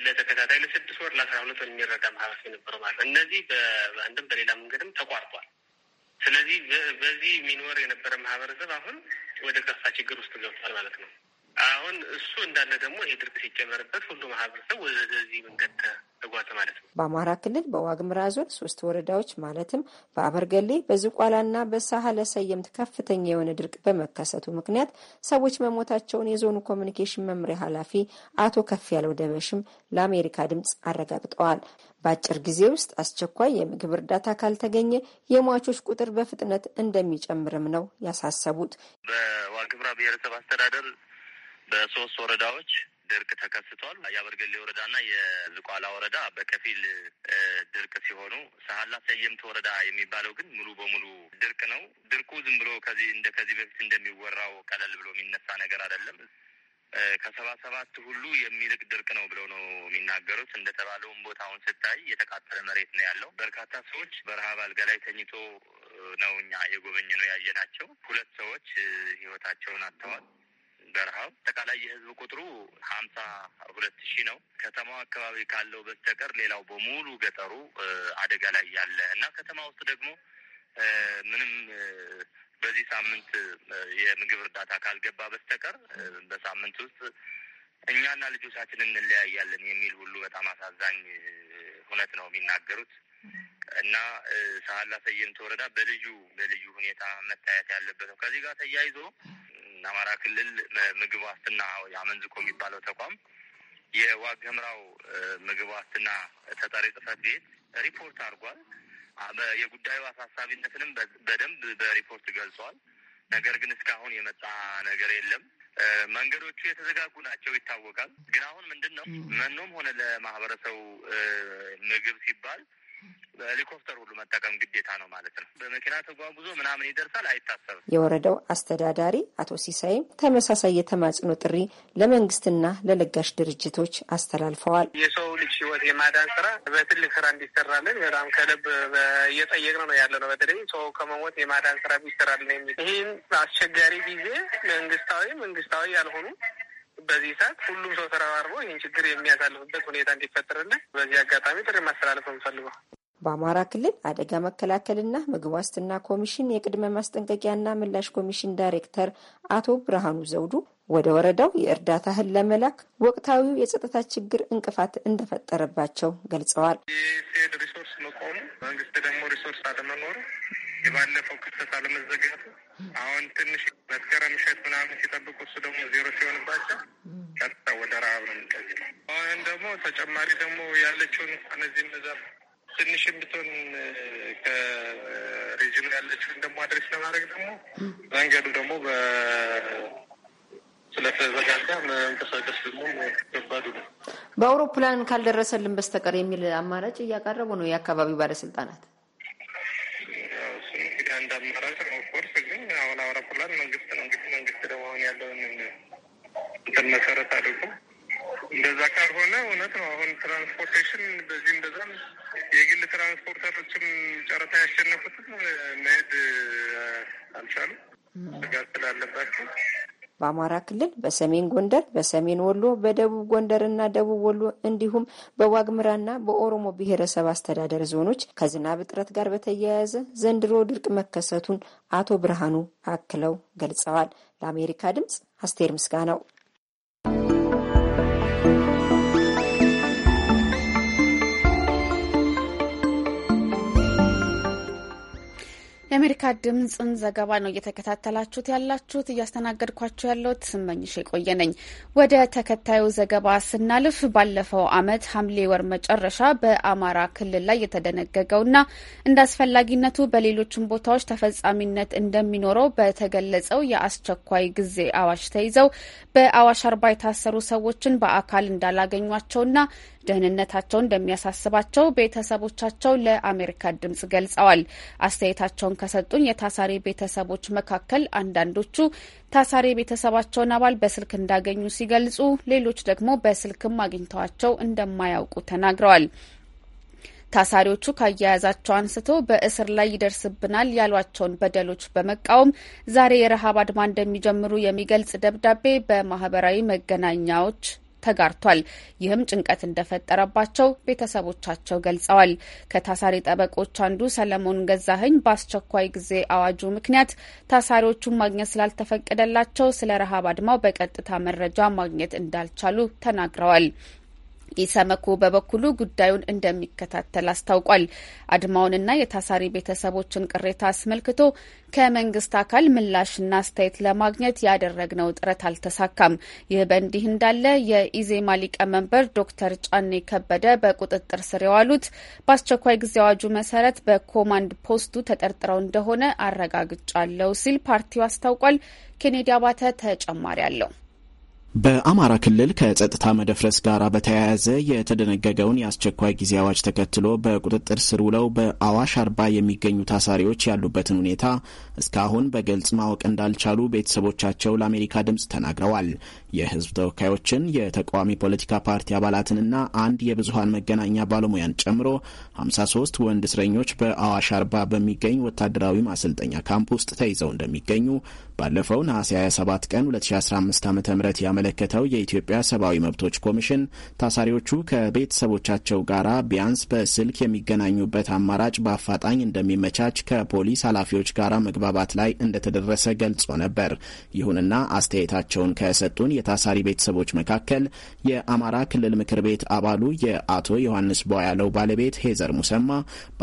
ለተከታታይ ለስድስት ወር ለአስራ ሁለት ወር የሚረዳ ማህበረሰብ የነበረው ማለት ነው። እነዚህ በአንድም በሌላ መንገድም ተቋርጧል። ስለዚህ በዚህ የሚኖር የነበረ ማህበረሰብ አሁን ወደ ከፋ ችግር ውስጥ ገብቷል ማለት ነው። አሁን እሱ እንዳለ ደግሞ ይሄ ድርቅ ሲጨመርበት ሁሉ ማህበረሰብ ወደዚህ መንገድ ተጓዘ ማለት ነው። በአማራ ክልል በዋግምራ ዞን ሶስት ወረዳዎች ማለትም በአበርገሌ፣ በዝቋላና በሳህለ ሰየምት ከፍተኛ የሆነ ድርቅ በመከሰቱ ምክንያት ሰዎች መሞታቸውን የዞኑ ኮሚኒኬሽን መምሪያ ኃላፊ አቶ ከፍ ያለው ደበሽም ለአሜሪካ ድምጽ አረጋግጠዋል። በአጭር ጊዜ ውስጥ አስቸኳይ የምግብ እርዳታ ካልተገኘ የሟቾች ቁጥር በፍጥነት እንደሚጨምርም ነው ያሳሰቡት። በዋግምራ ብሔረሰብ አስተዳደር በሶስት ወረዳዎች ድርቅ ተከስቷል። የአበርገሌ ወረዳና የዝቋላ ወረዳ በከፊል ድርቅ ሲሆኑ ሰሀላ ሰየምት ወረዳ የሚባለው ግን ሙሉ በሙሉ ድርቅ ነው። ድርቁ ዝም ብሎ ከዚህ እንደ ከዚህ በፊት እንደሚወራው ቀለል ብሎ የሚነሳ ነገር አይደለም። ከሰባ ሰባት ሁሉ የሚልቅ ድርቅ ነው ብለው ነው የሚናገሩት። እንደተባለውም ቦታውን ስታይ የተቃጠለ መሬት ነው ያለው። በርካታ ሰዎች በረሀብ አልጋ ላይ ተኝቶ ነው እኛ የጎበኘ ነው ያየናቸው። ሁለት ሰዎች ህይወታቸውን አጥተዋል። በረሃው አጠቃላይ የህዝብ ቁጥሩ ሀምሳ ሁለት ሺህ ነው። ከተማው አካባቢ ካለው በስተቀር ሌላው በሙሉ ገጠሩ አደጋ ላይ ያለ እና ከተማ ውስጥ ደግሞ ምንም በዚህ ሳምንት የምግብ እርዳታ ካልገባ በስተቀር በሳምንት ውስጥ እኛና ልጆቻችን እንለያያለን የሚል ሁሉ በጣም አሳዛኝ እውነት ነው የሚናገሩት እና ሳህላ ሰየምት ወረዳ በልዩ በልዩ ሁኔታ መታየት ያለበት ነው። ከዚህ ጋር ተያይዞ አማራ ክልል ምግብ ዋስትና የአመንዝኮ የሚባለው ተቋም የዋግ ምግብ ዋስትና ተጠሪ ጽፈት ቤት ሪፖርት አድርጓል። የጉዳዩ አሳሳቢነትንም በደንብ በሪፖርት ገልጿል። ነገር ግን እስካሁን የመጣ ነገር የለም። መንገዶቹ የተዘጋጉ ናቸው ይታወቃል። ግን አሁን ምንድን ነው መኖም ሆነ ለማህበረሰቡ ምግብ ሲባል በሄሊኮፕተር ሁሉ መጠቀም ግዴታ ነው ማለት ነው። በመኪና ተጓጉዞ ምናምን ይደርሳል አይታሰብም። የወረዳው አስተዳዳሪ አቶ ሲሳይም ተመሳሳይ የተማጽኖ ጥሪ ለመንግስትና ለለጋሽ ድርጅቶች አስተላልፈዋል። የሰው ልጅ ህይወት የማዳን ስራ በትልቅ ስራ እንዲሰራልን በጣም ከልብ እየጠየቅ ነው ያለ ነው። በተለይ ሰው ከመሞት የማዳን ስራ ቢሰራልን የሚል ይህን አስቸጋሪ ጊዜ መንግስታዊ መንግስታዊ ያልሆኑ በዚህ ሰዓት ሁሉም ሰው ተረባርቦ ይህን ችግር የሚያሳልፍበት ሁኔታ እንዲፈጠርልን በዚህ አጋጣሚ ጥሪ ማስተላለፍ እንፈልገው። በአማራ ክልል አደጋ መከላከልና ምግብ ዋስትና ኮሚሽን የቅድመ ማስጠንቀቂያና ምላሽ ኮሚሽን ዳይሬክተር አቶ ብርሃኑ ዘውዱ ወደ ወረዳው የእርዳታ እህል ለመላክ ወቅታዊው የጸጥታ ችግር እንቅፋት እንደፈጠረባቸው ገልጸዋል። የሴድ ሪሶርስ መቆሙ፣ መንግስት ደግሞ ሪሶርስ አለመኖሩ፣ የባለፈው ክስተት አለመዘጋቱ፣ አሁን ትንሽ መስከረም እሸት ምናምን ሲጠብቁ እሱ ደግሞ ዜሮ ሲሆንባቸው ቀጥታ ወደ ረሀብ ነው የሚቀጥለው። አሁን ደግሞ ተጨማሪ ደግሞ ያለችውን እነዚህ ትንሽ ብትሆን ከሬጅኑ ያለችውን ደግሞ አድሬስ ለማድረግ ደግሞ መንገዱ ደግሞ ስለተዘጋጋ መንቀሳቀስ ደግሞ ከባዱ ነው። በአውሮፕላን ካልደረሰልን በስተቀር የሚል አማራጭ እያቀረቡ ነው የአካባቢው ባለስልጣናት። እንግዲህ አንድ አማራጭ ነው። ኮርስ ግን አሁን አውሮፕላን መንግስት ነው እንግዲህ መንግስት ደግሞ አሁን ያለውን እንትን መሰረት አድርጎ እንደዛ ካልሆነ እውነት ነው አሁን ትራንስፖርቴሽን በዚህ እንደዛ የግል ትራንስፖርተሮችም ጨረታ ያሸነፉትም መሄድ አልቻሉም፣ ስጋት ስላለባቸው። በአማራ ክልል በሰሜን ጎንደር፣ በሰሜን ወሎ፣ በደቡብ ጎንደርና ደቡብ ወሎ እንዲሁም በዋግምራና በኦሮሞ ብሔረሰብ አስተዳደር ዞኖች ከዝናብ እጥረት ጋር በተያያዘ ዘንድሮ ድርቅ መከሰቱን አቶ ብርሃኑ አክለው ገልጸዋል። ለአሜሪካ ድምጽ አስቴር ምስጋ ነው። የአሜሪካ ድምፅን ዘገባ ነው እየተከታተላችሁት ያላችሁት። እያስተናገድኳችሁ ያለሁት ስመኝሽ የቆየ ነኝ። ወደ ተከታዩ ዘገባ ስናልፍ ባለፈው ዓመት ሐምሌ ወር መጨረሻ በአማራ ክልል ላይ የተደነገገውና እንደ አስፈላጊነቱ በሌሎችም ቦታዎች ተፈጻሚነት እንደሚኖረው በተገለጸው የአስቸኳይ ጊዜ አዋጅ ተይዘው በአዋሽ አርባ የታሰሩ ሰዎችን በአካል እንዳላገኟቸውና ደህንነታቸው እንደሚያሳስባቸው ቤተሰቦቻቸው ለአሜሪካ ድምጽ ገልጸዋል። አስተያየታቸውን ከሰጡኝ የታሳሪ ቤተሰቦች መካከል አንዳንዶቹ ታሳሪ ቤተሰባቸውን አባል በስልክ እንዳገኙ ሲገልጹ፣ ሌሎች ደግሞ በስልክም አግኝተዋቸው እንደማያውቁ ተናግረዋል። ታሳሪዎቹ ካያያዛቸው አንስቶ በእስር ላይ ይደርስብናል ያሏቸውን በደሎች በመቃወም ዛሬ የረሃብ አድማ እንደሚጀምሩ የሚገልጽ ደብዳቤ በማህበራዊ መገናኛዎች ተጋርቷል። ይህም ጭንቀት እንደፈጠረባቸው ቤተሰቦቻቸው ገልጸዋል። ከታሳሪ ጠበቆች አንዱ ሰለሞን ገዛህኝ በአስቸኳይ ጊዜ አዋጁ ምክንያት ታሳሪዎቹን ማግኘት ስላልተፈቀደላቸው ስለ ረሃብ አድማው በቀጥታ መረጃ ማግኘት እንዳልቻሉ ተናግረዋል። ኢሰመኮ በበኩሉ ጉዳዩን እንደሚከታተል አስታውቋል። አድማውንና የታሳሪ ቤተሰቦችን ቅሬታ አስመልክቶ ከመንግስት አካል ምላሽና አስተያየት ለማግኘት ያደረግነው ጥረት አልተሳካም። ይህ በእንዲህ እንዳለ የኢዜማ ሊቀመንበር ዶክተር ጫኔ ከበደ በቁጥጥር ስር የዋሉት በአስቸኳይ ጊዜ አዋጁ መሰረት በኮማንድ ፖስቱ ተጠርጥረው እንደሆነ አረጋግጫለሁ ሲል ፓርቲው አስታውቋል። ኬኔዲ አባተ ተጨማሪ አለው። በአማራ ክልል ከጸጥታ መደፍረስ ጋር በተያያዘ የተደነገገውን የአስቸኳይ ጊዜ አዋጅ ተከትሎ በቁጥጥር ስር ውለው በአዋሽ አርባ የሚገኙ ታሳሪዎች ያሉበትን ሁኔታ እስካሁን በግልጽ ማወቅ እንዳልቻሉ ቤተሰቦቻቸው ለአሜሪካ ድምፅ ተናግረዋል። የሕዝብ ተወካዮችን የተቃዋሚ ፖለቲካ ፓርቲ አባላትንና አንድ የብዙሀን መገናኛ ባለሙያን ጨምሮ 53 ወንድ እስረኞች በአዋሽ አርባ በሚገኝ ወታደራዊ ማሰልጠኛ ካምፕ ውስጥ ተይዘው እንደሚገኙ ባለፈው ነሐሴ 27 ቀን 2015 ዓ ም ያመለከተው የኢትዮጵያ ሰብአዊ መብቶች ኮሚሽን ታሳሪዎቹ ከቤተሰቦቻቸው ጋር ቢያንስ በስልክ የሚገናኙበት አማራጭ በአፋጣኝ እንደሚመቻች ከፖሊስ ኃላፊዎች ጋር መግባባት ላይ እንደተደረሰ ገልጾ ነበር። ይሁንና አስተያየታቸውን ከሰጡን የታሳሪ ቤተሰቦች መካከል የአማራ ክልል ምክር ቤት አባሉ የአቶ ዮሐንስ ቧያለው ባለቤት ሄዘር ሙሰማ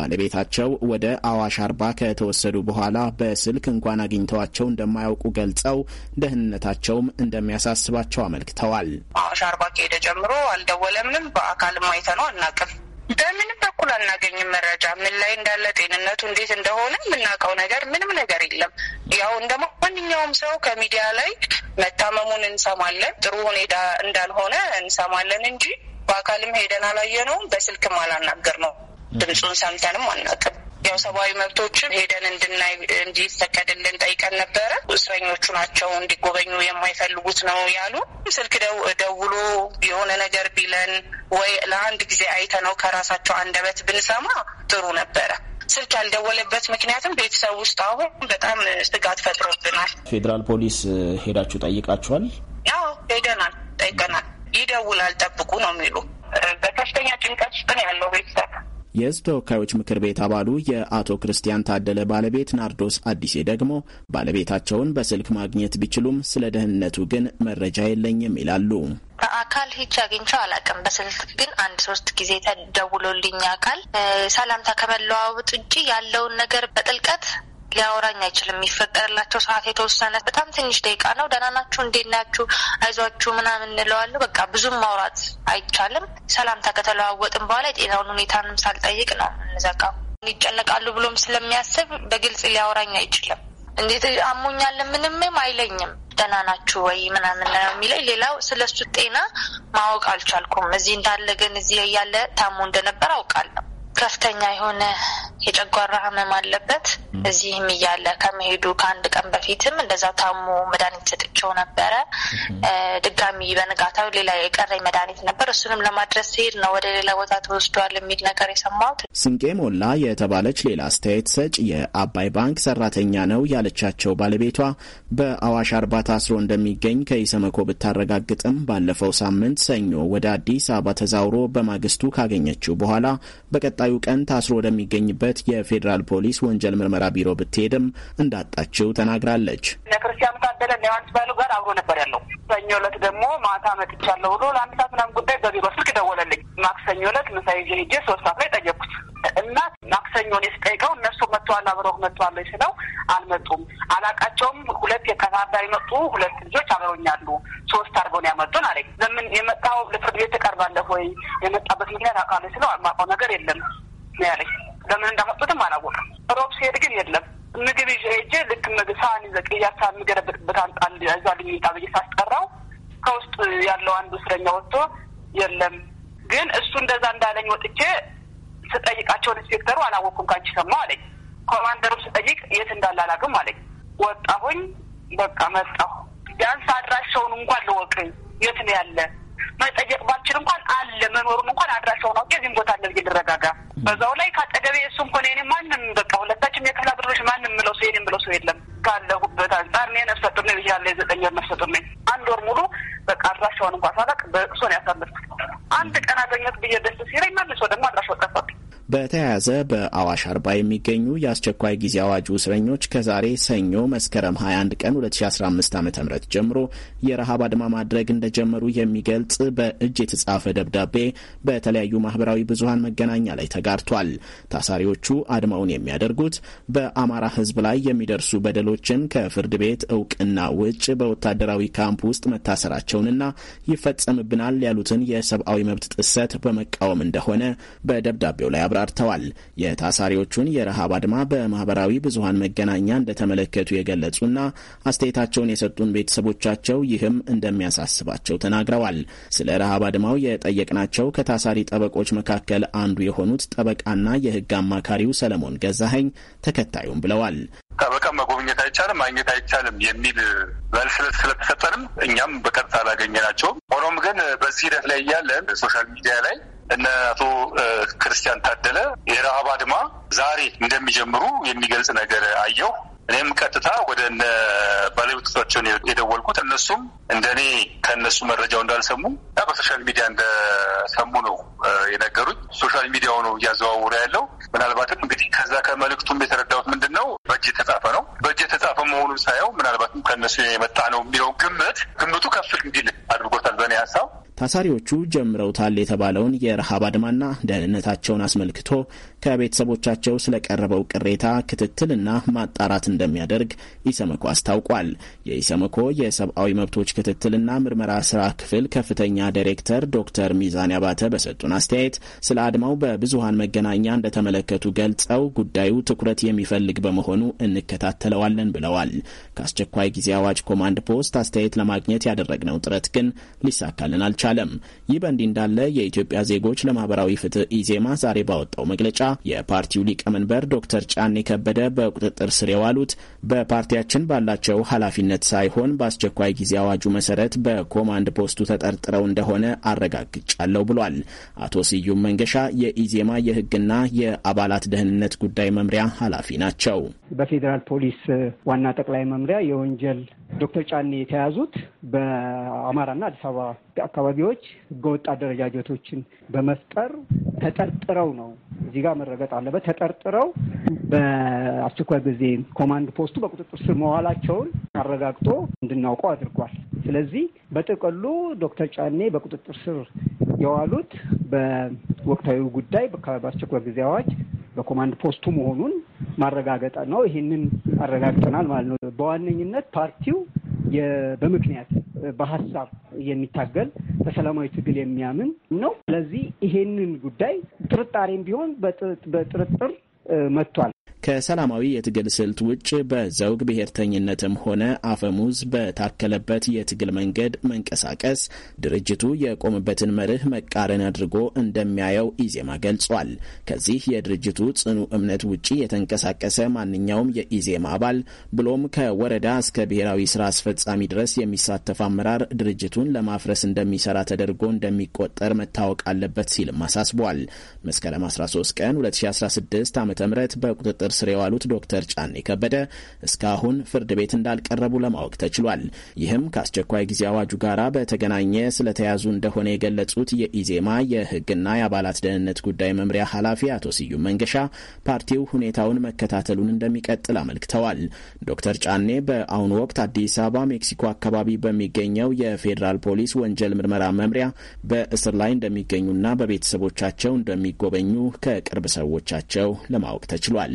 ባለቤታቸው ወደ አዋሽ አርባ ከተወሰዱ በኋላ በስልክ እንኳን አግኝተዋቸው እንደማ እንደማያውቁ ገልጸው ደህንነታቸውም እንደሚያሳስባቸው አመልክተዋል። አዋሽ አርባ ከሄደ ጀምሮ አልደወለምንም። በአካልም ነው አናቅም። በምንም በኩል አናገኝም መረጃ ምን ላይ እንዳለ ጤንነቱ እንዴት እንደሆነ የምናውቀው ነገር ምንም ነገር የለም። ያው እንደ ማንኛውም ሰው ከሚዲያ ላይ መታመሙን እንሰማለን፣ ጥሩ ሁኔታ እንዳልሆነ እንሰማለን እንጂ በአካልም ሄደን አላየነውም፣ በስልክም አላናገር ነው ድምፁን ሰምተንም አናውቅም። ያው ሰብአዊ መብቶችን ሄደን እንድናይ እንዲፈቀድልን ጠይቀን ነበረ። እስረኞቹ ናቸው እንዲጎበኙ የማይፈልጉት ነው ያሉ። ስልክ ደውሎ የሆነ ነገር ቢለን ወይ ለአንድ ጊዜ አይተነው ከራሳቸው አንደበት ብንሰማ ጥሩ ነበረ። ስልክ ያልደወለበት ምክንያትም ቤተሰብ ውስጥ አሁን በጣም ስጋት ፈጥሮብናል። ፌዴራል ፖሊስ ሄዳችሁ ጠይቃችኋል? አዎ ሄደናል፣ ጠይቀናል። ይደውላል፣ ጠብቁ ነው የሚሉ በከፍተኛ ጭንቀት ውስጥ ነው ያለው ቤተሰብ የህዝብ ተወካዮች ምክር ቤት አባሉ የአቶ ክርስቲያን ታደለ ባለቤት ናርዶስ አዲሴ ደግሞ ባለቤታቸውን በስልክ ማግኘት ቢችሉም ስለ ደህንነቱ ግን መረጃ የለኝም ይላሉ። በአካል ሄጄ አግኝቼው አላውቅም። በስልክ ግን አንድ ሶስት ጊዜ ተደውሎልኝ አካል ሰላምታ ከመለዋወጥ ውጭ ያለውን ነገር በጥልቀት ሊያወራኝ አይችልም። የሚፈቀድላቸው ሰዓት የተወሰነ በጣም ትንሽ ደቂቃ ነው። ደህና ናችሁ፣ እንዴት ናችሁ፣ አይዟችሁ ምናምን እንለዋለሁ። በቃ ብዙም ማውራት አይቻልም። ሰላምታ ከተለዋወጥን በኋላ የጤናውን ሁኔታንም ሳልጠይቅ ነው እንዘጋው። ይጨነቃሉ ብሎም ስለሚያስብ በግልጽ ሊያወራኝ አይችልም። እንዴት አሞኛል ምንምም አይለኝም። ደህና ናችሁ ወይ ምናምን ነው የሚለኝ። ሌላው ስለ እሱ ጤና ማወቅ አልቻልኩም። እዚህ እንዳለ ግን እዚህ እያለ ታሞ እንደነበር አውቃለሁ። ከፍተኛ የሆነ የጨጓራ ህመም አለበት። እዚህም እያለ ከመሄዱ ከአንድ ቀን በፊትም እንደዛ ታሞ መድኃኒት ሰጥቼው ነበረ። ድጋሚ በንጋታው ሌላ የቀረኝ መድኃኒት ነበር። እሱንም ለማድረስ ሲሄድ ነው ወደ ሌላ ቦታ ተወስዷል የሚል ነገር የሰማሁት። ስንቄ ሞላ የተባለች ሌላ አስተያየት ሰጭ የአባይ ባንክ ሰራተኛ ነው ያለቻቸው ባለቤቷ በአዋሽ አርባ ታስሮ እንደሚገኝ ከኢሰመኮ ብታረጋግጥም ባለፈው ሳምንት ሰኞ ወደ አዲስ አበባ ተዛውሮ በማግስቱ ካገኘችው በኋላ በቀጣዩ ቀን ታስሮ ወደሚገኝበት የፌዴራል ፖሊስ ወንጀል ምርመራ ቢሮ ብትሄድም እንዳጣችው ተናግራለች። ክርስቲያኑ ታደለ ዮሐንስ ባይሉ ጋር አብሮ ነበር ያለው። ሰኞ ዕለት ደግሞ ማታ መጥቻለሁ ብሎ ለአንድ ሰዓት ምናምን ጉዳይ በቢሮ ስልክ ደወለልኝ። ማክሰኞ ዕለት ምሳ ይዤ ሄጄ ሶስት ሰዓት ላይ ጠየቅኩት እና ማክሰኞ እኔ ስጠይቀው እነሱ መጥተዋል አብረው መጥተዋል ስለው አልመጡም፣ አላቃቸውም። ሁለት የከባዳ የመጡ ሁለት ልጆች አብረውኛሉ ሶስት አድርገውን ያመጡን አለኝ። ለምን የመጣው ለፍርድ ቤት ተቀርባለሁ ወይ የመጣበት ምክንያት አውቃለሁ ስለው አልማውቀው ነገር የለም ነው ያለኝ። ለምን እንዳመጡትም አላወቅም። ሮብ ሲሄድ ግን የለም ምግብ ይዤ ሄጄ ልክ ምግብ ሳህን ይዘቅ እያሳ የምገለብጥበት አንጣል እዛ ልኝጣ ብዬ ሳስጠራው ከውስጥ ያለው አንዱ እስረኛ ወጥቶ የለም ግን እሱ እንደዛ እንዳለኝ ወጥቼ ስጠይቃቸውን ኢንስፔክተሩ አላወቅኩም ከአንቺ ሰማሁ አለኝ። ኮማንደሩ ስጠይቅ የት እንዳለ አላውቅም አለኝ። ወጣሁኝ በቃ መጣሁ። ቢያንስ አድራሻውን እንኳን ልወቅኝ የት ነው ያለ መጠየቅ ባልችል እንኳን አለ መኖሩን እንኳን አድራሻውን አውቄ እዚህም ቦታ አለ ብዬ ልረጋጋ። በዛው ላይ ካጠገቤ እሱ እንኳን የኔ ማንም በቃ ሁለታችን የክፍል ብሮች ማንም ምለው ሰው የኔ ብለው ሰው የለም። ካለሁበት አንጻር እኔ ነፍሰ ጡር ነኝ ያለ የዘጠኝ ወር ነፍሰ ጡር ነኝ። አንድ ወር ሙሉ በቃ አድራሻውን እንኳን ሳላቅ በእሱን ያሳለፍኩት። አንድ ቀን አገኘት ብዬ ደስ ሲለኝ መልሶ ደግሞ አድራሻው ጠፋብኝ። በተያያዘ በአዋሽ አርባ የሚገኙ የአስቸኳይ ጊዜ አዋጁ እስረኞች ከዛሬ ሰኞ መስከረም 21 ቀን 2015 ዓ ም ጀምሮ የረሃብ አድማ ማድረግ እንደጀመሩ የሚገልጽ በእጅ የተጻፈ ደብዳቤ በተለያዩ ማህበራዊ ብዙሀን መገናኛ ላይ ተጋርቷል። ታሳሪዎቹ አድማውን የሚያደርጉት በአማራ ህዝብ ላይ የሚደርሱ በደሎችን ከፍርድ ቤት እውቅና ውጭ በወታደራዊ ካምፕ ውስጥ መታሰራቸውንና ይፈጸምብናል ያሉትን የሰብአዊ መብት ጥሰት በመቃወም እንደሆነ በደብዳቤው ላይ አብራ አብራርተዋል። የታሳሪዎቹን የረሃብ አድማ በማህበራዊ ብዙሀን መገናኛ እንደተመለከቱ የገለጹና አስተያየታቸውን የሰጡን ቤተሰቦቻቸው ይህም እንደሚያሳስባቸው ተናግረዋል። ስለ ረሃብ አድማው የጠየቅናቸው ከታሳሪ ጠበቆች መካከል አንዱ የሆኑት ጠበቃና የህግ አማካሪው ሰለሞን ገዛኸኝ ተከታዩም ብለዋል። ጠበቃ መጎብኘት አይቻልም፣ ማግኘት አይቻልም የሚል መልስ ስለተሰጠንም እኛም በቀጥታ አላገኘናቸውም። ሆኖም ግን በዚህ ሂደት ላይ እያለን ሶሻል ሚዲያ ላይ እነ አቶ ክርስቲያን ታደለ የረሃብ አድማ ዛሬ እንደሚጀምሩ የሚገልጽ ነገር አየሁ። እኔም ቀጥታ ወደ እነ ባለቤቶቻቸውን የደወልኩት እነሱም እንደ እኔ ከእነሱ መረጃው እንዳልሰሙ እና በሶሻል ሚዲያ እንደሰሙ ነው የነገሩኝ። ሶሻል ሚዲያው ነው እያዘዋወረ ያለው። ምናልባትም እንግዲህ ከዛ ከመልእክቱም የተረዳሁት ምንድን ነው በእጅ የተጻፈ ነው። በእጅ የተጻፈ መሆኑን ሳየው ምናልባትም ከእነሱ የመጣ ነው የሚለው ግምት ግምቱ ከፍል እንዲል አድርጎታል በእኔ ሀሳብ ታሳሪዎቹ ጀምረውታል የተባለውን የረሃብ አድማና ደህንነታቸውን አስመልክቶ ከቤተሰቦቻቸው ስለቀረበው ቅሬታ ክትትልና ማጣራት እንደሚያደርግ ኢሰመኮ አስታውቋል። የኢሰመኮ የሰብአዊ መብቶች ክትትልና ምርመራ ስራ ክፍል ከፍተኛ ዳይሬክተር ዶክተር ሚዛን ያባተ በሰጡን አስተያየት ስለ አድማው በብዙሀን መገናኛ እንደተመለከቱ ገልጸው ጉዳዩ ትኩረት የሚፈልግ በመሆኑ እንከታተለዋለን ብለዋል። ከአስቸኳይ ጊዜ አዋጅ ኮማንድ ፖስት አስተያየት ለማግኘት ያደረግነው ጥረት ግን ሊሳካልን አልቻለም። ይህ በእንዲህ እንዳለ የኢትዮጵያ ዜጎች ለማህበራዊ ፍትህ ኢዜማ ዛሬ ባወጣው መግለጫ የፓርቲው ሊቀመንበር ዶክተር ጫኔ ከበደ በቁጥጥር ስር የዋሉት በፓርቲያችን ባላቸው ኃላፊነት ሳይሆን በአስቸኳይ ጊዜ አዋጁ መሰረት በኮማንድ ፖስቱ ተጠርጥረው እንደሆነ አረጋግጫለሁ ብሏል። አቶ ስዩም መንገሻ የኢዜማ የህግና የአባላት ደህንነት ጉዳይ መምሪያ ኃላፊ ናቸው። በፌዴራል ፖሊስ ዋና ጠቅላይ መምሪያ የወንጀል ዶክተር ጫኔ የተያዙት በአማራና አዲስ አበባ አካባቢዎች ህገወጥ አደረጃጀቶችን በመፍጠር ተጠርጥረው ነው እዚህ ጋር መረገጥ አለበት። ተጠርጥረው በአስቸኳይ ጊዜ ኮማንድ ፖስቱ በቁጥጥር ስር መዋላቸውን አረጋግጦ እንድናውቀው አድርጓል። ስለዚህ በጥቅሉ ዶክተር ጫኔ በቁጥጥር ስር የዋሉት በወቅታዊ ጉዳይ በአስቸኳይ ጊዜ አዋጅ በኮማንድ ፖስቱ መሆኑን ማረጋገጥ ነው። ይህንን አረጋግጠናል ማለት ነው። በዋነኝነት ፓርቲው በምክንያት በሀሳብ የሚታገል በሰላማዊ ትግል የሚያምን ነው። ስለዚህ ይሄንን ጉዳይ ጥርጣሬም ቢሆን በጥርጥር መጥቷል። ከሰላማዊ የትግል ስልት ውጭ በዘውግ ብሔርተኝነትም ሆነ አፈሙዝ በታከለበት የትግል መንገድ መንቀሳቀስ ድርጅቱ የቆመበትን መርህ መቃረን አድርጎ እንደሚያየው ኢዜማ ገልጿል። ከዚህ የድርጅቱ ጽኑ እምነት ውጪ የተንቀሳቀሰ ማንኛውም የኢዜማ አባል ብሎም ከወረዳ እስከ ብሔራዊ ስራ አስፈጻሚ ድረስ የሚሳተፍ አመራር ድርጅቱን ለማፍረስ እንደሚሰራ ተደርጎ እንደሚቆጠር መታወቅ አለበት ሲልም አሳስቧል። መስከረም 13 ቀን 2016 ዓ ም በቁጥጥር በቁጥጥር ስር የዋሉት ዶክተር ጫኔ ከበደ እስካሁን ፍርድ ቤት እንዳልቀረቡ ለማወቅ ተችሏል። ይህም ከአስቸኳይ ጊዜ አዋጁ ጋራ በተገናኘ ስለተያዙ እንደሆነ የገለጹት የኢዜማ የህግና የአባላት ደህንነት ጉዳይ መምሪያ ኃላፊ አቶ ስዩም መንገሻ ፓርቲው ሁኔታውን መከታተሉን እንደሚቀጥል አመልክተዋል። ዶክተር ጫኔ በአሁኑ ወቅት አዲስ አበባ ሜክሲኮ አካባቢ በሚገኘው የፌዴራል ፖሊስ ወንጀል ምርመራ መምሪያ በእስር ላይ እንደሚገኙና በቤተሰቦቻቸው እንደሚጎበኙ ከቅርብ ሰዎቻቸው ለማወቅ ተችሏል።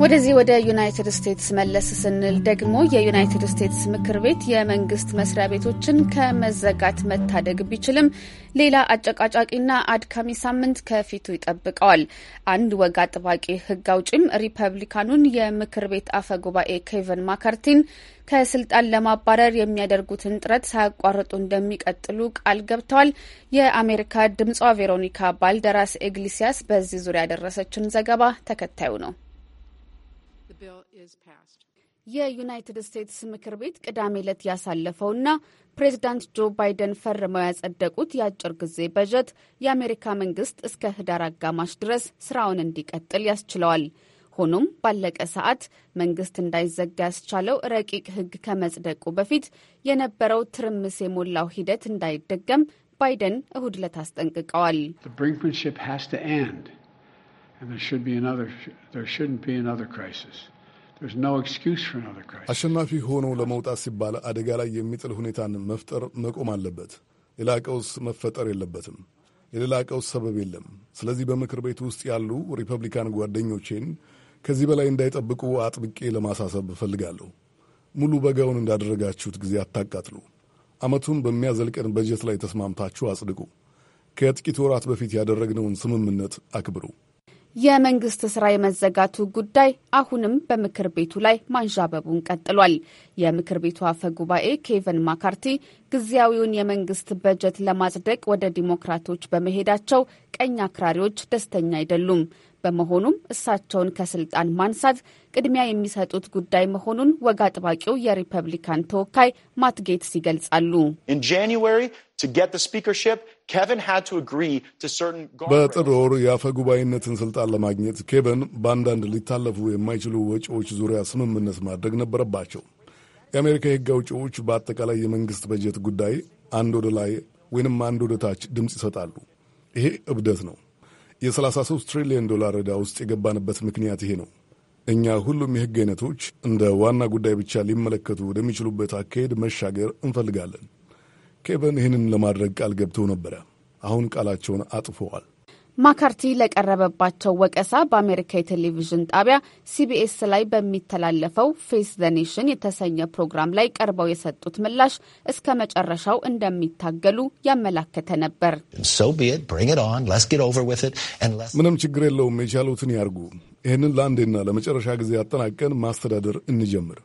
ወደዚህ ወደ ዩናይትድ ስቴትስ መለስ ስንል ደግሞ የዩናይትድ ስቴትስ ምክር ቤት የመንግስት መስሪያ ቤቶችን ከመዘጋት መታደግ ቢችልም ሌላ አጨቃጫቂና አድካሚ ሳምንት ከፊቱ ይጠብቀዋል። አንድ ወግ አጥባቂ ሕግ አውጪም ሪፐብሊካኑን የምክር ቤት አፈ ጉባኤ ኬቨን ማካርቲን ከስልጣን ለማባረር የሚያደርጉትን ጥረት ሳያቋርጡ እንደሚቀጥሉ ቃል ገብተዋል። የአሜሪካ ድምጿ ቬሮኒካ ባልደራስ ኢግሊሲያስ በዚህ ዙሪያ ያደረሰችን ዘገባ ተከታዩ ነው። የዩናይትድ ስቴትስ ምክር ቤት ቅዳሜ ዕለት ያሳለፈውና ፕሬዚዳንት ጆ ባይደን ፈርመው ያጸደቁት የአጭር ጊዜ በጀት የአሜሪካ መንግስት እስከ ህዳር አጋማሽ ድረስ ስራውን እንዲቀጥል ያስችለዋል። ሆኖም ባለቀ ሰዓት መንግስት እንዳይዘጋ ያስቻለው ረቂቅ ህግ ከመጽደቁ በፊት የነበረው ትርምስ የሞላው ሂደት እንዳይደገም ባይደን እሁድ ዕለት አስጠንቅቀዋል። አሸናፊ ሆኖ ለመውጣት ሲባል አደጋ ላይ የሚጥል ሁኔታን መፍጠር መቆም አለበት። ሌላ ቀውስ መፈጠር የለበትም። የሌላ ቀውስ ሰበብ የለም። ስለዚህ በምክር ቤት ውስጥ ያሉ ሪፐብሊካን ጓደኞቼን ከዚህ በላይ እንዳይጠብቁ አጥብቄ ለማሳሰብ እፈልጋለሁ። ሙሉ በጋውን እንዳደረጋችሁት ጊዜ አታቃጥሉ። ዓመቱን በሚያዘልቀን በጀት ላይ ተስማምታችሁ አጽድቁ። ከጥቂት ወራት በፊት ያደረግነውን ስምምነት አክብሩ። የመንግስት ስራ የመዘጋቱ ጉዳይ አሁንም በምክር ቤቱ ላይ ማንዣበቡን ቀጥሏል። የምክር ቤቱ አፈ ጉባኤ ኬቨን ማካርቲ ጊዜያዊውን የመንግስት በጀት ለማጽደቅ ወደ ዲሞክራቶች በመሄዳቸው ቀኝ አክራሪዎች ደስተኛ አይደሉም። በመሆኑም እሳቸውን ከስልጣን ማንሳት ቅድሚያ የሚሰጡት ጉዳይ መሆኑን ወግ አጥባቂው የሪፐብሊካን ተወካይ ማት ጌትስ ይገልጻሉ። በጥር ወር የአፈ ጉባኤነትን ስልጣን ለማግኘት ኬቨን በአንዳንድ ሊታለፉ የማይችሉ ወጪዎች ዙሪያ ስምምነት ማድረግ ነበረባቸው። የአሜሪካ የሕግ አውጪዎች በአጠቃላይ የመንግሥት በጀት ጉዳይ አንድ ወደ ላይ ወይንም አንድ ወደ ታች ድምፅ ይሰጣሉ። ይሄ እብደት ነው። የ33 ትሪሊዮን ዶላር ዕዳ ውስጥ የገባንበት ምክንያት ይሄ ነው። እኛ ሁሉም የሕግ አይነቶች እንደ ዋና ጉዳይ ብቻ ሊመለከቱ ወደሚችሉበት አካሄድ መሻገር እንፈልጋለን። ኬቨን ይህንን ለማድረግ ቃል ገብተው ነበረ። አሁን ቃላቸውን አጥፈዋል። ማካርቲ ለቀረበባቸው ወቀሳ በአሜሪካ የቴሌቪዥን ጣቢያ ሲቢኤስ ላይ በሚተላለፈው ፌስ ዘ ኔሽን የተሰኘ ፕሮግራም ላይ ቀርበው የሰጡት ምላሽ እስከ መጨረሻው እንደሚታገሉ ያመላከተ ነበር። ምንም ችግር የለውም፣ የቻሉትን ያርጉ። ይህንን ለአንዴና ለመጨረሻ ጊዜ አጠናቀን ማስተዳደር እንጀምር።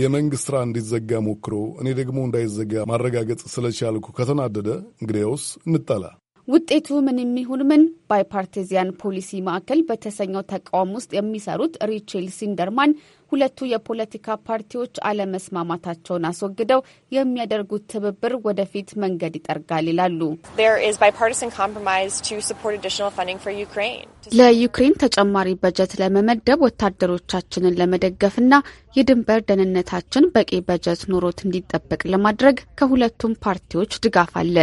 የመንግሥት ሥራ እንዲዘጋ ሞክሮ እኔ ደግሞ እንዳይዘጋ ማረጋገጥ ስለቻልኩ ከተናደደ እንግዲያውስ እንጠላ። ውጤቱ ምን የሚሆን ምን ባይፓርቲዚያን ፖሊሲ ማዕከል በተሰኘው ተቋም ውስጥ የሚሰሩት ሪቼል ሲንደርማን ሁለቱ የፖለቲካ ፓርቲዎች አለመስማማታቸውን አስወግደው የሚያደርጉት ትብብር ወደፊት መንገድ ይጠርጋል ይላሉ። ለዩክሬን ተጨማሪ በጀት ለመመደብ ወታደሮቻችንን ለመደገፍና የድንበር ደህንነታችን በቂ በጀት ኖሮት እንዲጠበቅ ለማድረግ ከሁለቱም ፓርቲዎች ድጋፍ አለ።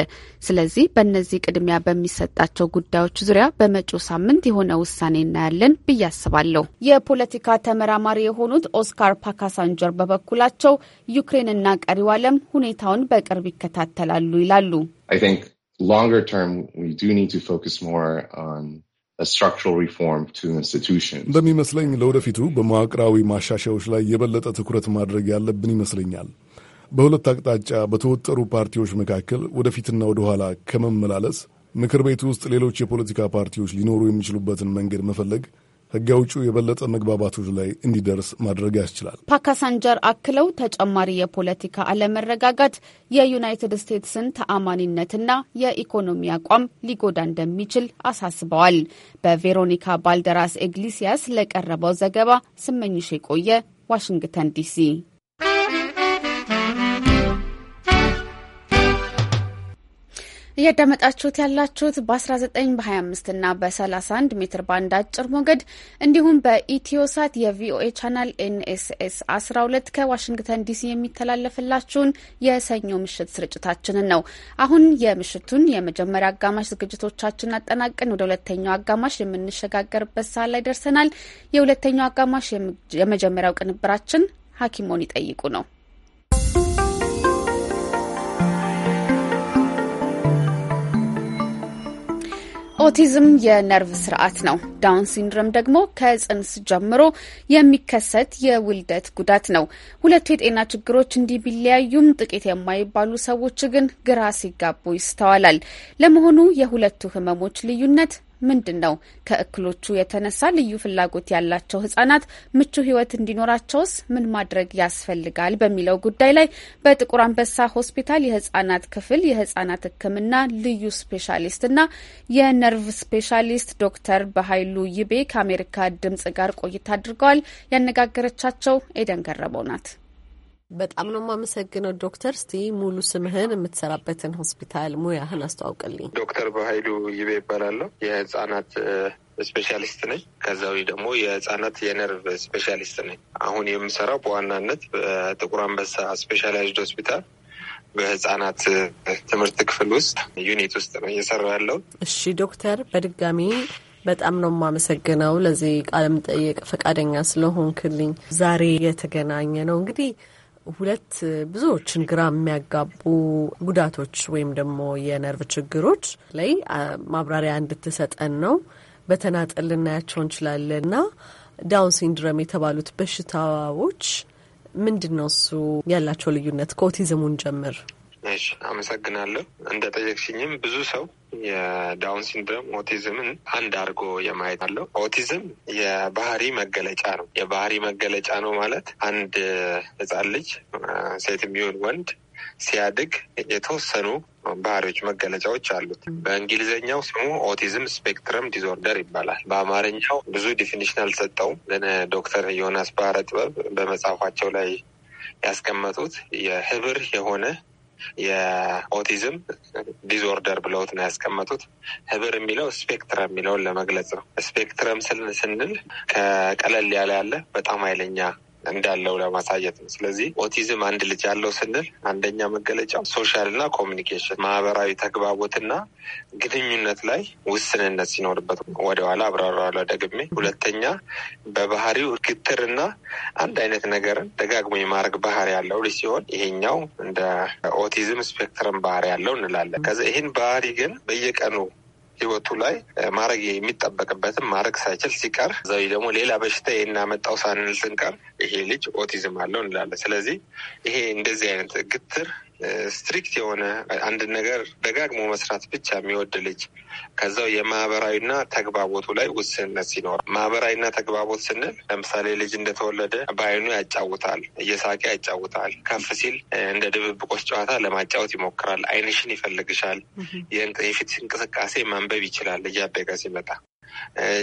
ስለዚህ በእነዚህ ቅድሚያ በሚሰጣቸው ጉዳዮች ዙሪያ በመጪው ሳምንት የሆነ ውሳኔ እናያለን ብዬ አስባለሁ። የፖለቲካ ተመራማሪ የሆኑ የሆኑት ኦስካር ፓካሳንጀር በበኩላቸው ዩክሬንና ቀሪው ዓለም ሁኔታውን በቅርብ ይከታተላሉ ይላሉ። እንደሚመስለኝ ለወደፊቱ በመዋቅራዊ ማሻሻያዎች ላይ የበለጠ ትኩረት ማድረግ ያለብን ይመስለኛል። በሁለት አቅጣጫ በተወጠሩ ፓርቲዎች መካከል ወደፊትና ወደኋላ ከመመላለስ ምክር ቤቱ ውስጥ ሌሎች የፖለቲካ ፓርቲዎች ሊኖሩ የሚችሉበትን መንገድ መፈለግ ህገ ውጩ የበለጠ መግባባቶች ላይ እንዲደርስ ማድረግ ያስችላል። ፓካሳንጀር አክለው ተጨማሪ የፖለቲካ አለመረጋጋት የዩናይትድ ስቴትስን ተአማኒነትና የኢኮኖሚ አቋም ሊጎዳ እንደሚችል አሳስበዋል። በቬሮኒካ ባልደራስ ኤግሊሲያስ ለቀረበው ዘገባ ስመኝሽ የቆየ ዋሽንግተን ዲሲ እያዳመጣችሁት ያላችሁት በ19 በ25 እና በ31 ሜትር ባንድ አጭር ሞገድ እንዲሁም በኢትዮሳት የቪኦኤ ቻናል ኤንኤስኤስ 12 ከዋሽንግተን ዲሲ የሚተላለፍላችሁን የሰኞ ምሽት ስርጭታችንን ነው። አሁን የምሽቱን የመጀመሪያ አጋማሽ ዝግጅቶቻችን አጠናቀን ወደ ሁለተኛው አጋማሽ የምንሸጋገርበት ሰዓት ላይ ደርሰናል። የሁለተኛው አጋማሽ የመጀመሪያው ቅንብራችን ሐኪሞን ይጠይቁ ነው። ኦቲዝም የነርቭ ስርዓት ነው። ዳውን ሲንድሮም ደግሞ ከጽንስ ጀምሮ የሚከሰት የውልደት ጉዳት ነው። ሁለቱ የጤና ችግሮች እንዲህ ቢለያዩም ጥቂት የማይባሉ ሰዎች ግን ግራ ሲጋቡ ይስተዋላል። ለመሆኑ የሁለቱ ህመሞች ልዩነት ምንድን ነው? ከእክሎቹ የተነሳ ልዩ ፍላጎት ያላቸው ህጻናት ምቹ ህይወት እንዲኖራቸውስ ምን ማድረግ ያስፈልጋል? በሚለው ጉዳይ ላይ በጥቁር አንበሳ ሆስፒታል የህጻናት ክፍል የህጻናት ህክምና ልዩ ስፔሻሊስት እና የነርቭ ስፔሻሊስት ዶክተር በሀይሉ ይቤ ከአሜሪካ ድምጽ ጋር ቆይታ አድርገዋል። ያነጋገረቻቸው ኤደን ገረበው ናት። በጣም ነው የማመሰግነው ዶክተር። እስቲ ሙሉ ስምህን፣ የምትሰራበትን ሆስፒታል፣ ሙያህን አስተዋውቅልኝ። ዶክተር በሀይሉ ይቤ ይባላለሁ። የህጻናት ስፔሻሊስት ነኝ። ከዛዊ ደግሞ የህጻናት የነርቭ ስፔሻሊስት ነኝ። አሁን የምሰራው በዋናነት በጥቁር አንበሳ ስፔሻላይዝድ ሆስፒታል በህጻናት ትምህርት ክፍል ውስጥ ዩኒት ውስጥ ነው እየሰራ ያለው። እሺ ዶክተር፣ በድጋሚ በጣም ነው የማመሰግነው ለዚህ ቃለ መጠየቅ ፈቃደኛ ስለሆንክልኝ። ዛሬ የተገናኘ ነው እንግዲህ ሁለት ብዙዎችን ግራ የሚያጋቡ ጉዳቶች ወይም ደግሞ የነርቭ ችግሮች ላይ ማብራሪያ እንድትሰጠን ነው። በተናጠል ልናያቸው እንችላለን እና ዳውን ሲንድረም የተባሉት በሽታዎች ምንድን ነው እሱ ያላቸው ልዩነት? ከኦቲዝሙን ጀምር። እሺ፣ አመሰግናለሁ። እንደ ጠየቅሽኝም ብዙ ሰው የዳውን ሲንድሮም ኦቲዝምን አንድ አድርጎ የማየት አለው። ኦቲዝም የባህሪ መገለጫ ነው። የባህሪ መገለጫ ነው ማለት አንድ ህፃን ልጅ ሴትም ይሁን ወንድ ሲያድግ የተወሰኑ ባህሪዎች መገለጫዎች አሉት። በእንግሊዝኛው ስሙ ኦቲዝም ስፔክትረም ዲዞርደር ይባላል። በአማርኛው ብዙ ዲፊኒሽን አልሰጠውም፣ ግን ዶክተር ዮናስ ባህረ ጥበብ በመጽሐፋቸው ላይ ያስቀመጡት የህብር የሆነ የኦቲዝም ዲስኦርደር ብለውት ነው ያስቀመጡት። ህብር የሚለው ስፔክትረም የሚለውን ለመግለጽ ነው። ስፔክትረም ስንል ከቀለል ያለ ያለ በጣም ኃይለኛ እንዳለው ለማሳየት ነው። ስለዚህ ኦቲዝም አንድ ልጅ ያለው ስንል አንደኛ መገለጫው ሶሻል እና ኮሚኒኬሽን ማህበራዊ ተግባቦትና ግንኙነት ላይ ውስንነት ሲኖርበት ወደኋላ አብራራዋለሁ ደግሜ። ሁለተኛ በባህሪው ግትርና አንድ አይነት ነገርን ደጋግሞ የማድረግ ባህሪ ያለው ልጅ ሲሆን ይሄኛው እንደ ኦቲዝም ስፔክትረም ባህሪ ያለው እንላለን። ከዚ ይህን ባህሪ ግን በየቀኑ ህይወቱ ላይ ማድረግ የሚጠበቅበትም ማድረግ ሳይችል ሲቀር ዘዊ ደግሞ ሌላ በሽታ የናመጣው ሳንል ስንቀር ይሄ ልጅ ኦቲዝም አለው እንላለን። ስለዚህ ይሄ እንደዚህ አይነት ግትር ስትሪክት የሆነ አንድ ነገር ደጋግሞ መስራት ብቻ የሚወድ ልጅ ከዛው የማህበራዊና ተግባቦቱ ላይ ውስንነት ሲኖር፣ ማህበራዊና ተግባቦት ስንል ለምሳሌ ልጅ እንደተወለደ በአይኑ ያጫውታል፣ እየሳቀ ያጫውታል። ከፍ ሲል እንደ ድብብቆች ጨዋታ ለማጫወት ይሞክራል። አይንሽን ይፈልግሻል። የፊት እንቅስቃሴ ማንበብ ይችላል። እያደገ ሲመጣ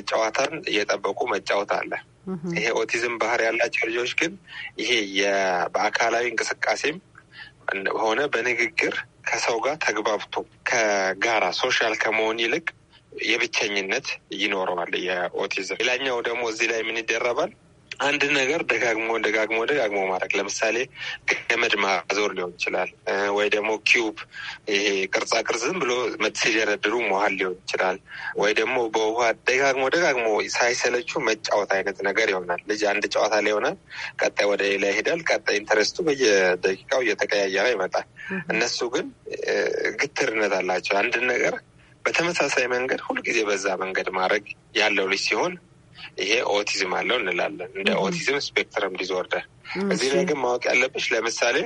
ጨዋታን እየጠበቁ መጫወት አለ። ይሄ ኦቲዝም ባህሪ ያላቸው ልጆች ግን ይሄ በአካላዊ እንቅስቃሴም ሆነ በንግግር ከሰው ጋር ተግባብቶ ከጋራ ሶሻል ከመሆን ይልቅ የብቸኝነት ይኖረዋል የኦቲዝም። ሌላኛው ደግሞ እዚህ ላይ ምን ይደረባል? አንድ ነገር ደጋግሞ ደጋግሞ ደጋግሞ ማድረግ ለምሳሌ ገመድ ማዞር ሊሆን ይችላል፣ ወይ ደግሞ ኪዩብ ይሄ ቅርጻ ቅርጽ ዝም ብሎ ሲደረድሩ መሀል ሊሆን ይችላል፣ ወይ ደግሞ በውሃ ደጋግሞ ደጋግሞ ሳይሰለቹ መጫወት አይነት ነገር ይሆናል። ልጅ አንድ ጨዋታ ላይ ይሆናል፣ ቀጣይ ወደ ሌላ ይሄዳል። ቀጣይ ኢንተረስቱ በየደቂቃው እየተቀያየረ ይመጣል። እነሱ ግን ግትርነት አላቸው። አንድን ነገር በተመሳሳይ መንገድ ሁልጊዜ በዛ መንገድ ማድረግ ያለው ልጅ ሲሆን ይሄ ኦቲዝም አለው እንላለን። እንደ ኦቲዝም ስፔክትረም ዲስኦርደር። እዚህ ላይ ግን ማወቅ ያለብሽ ለምሳሌ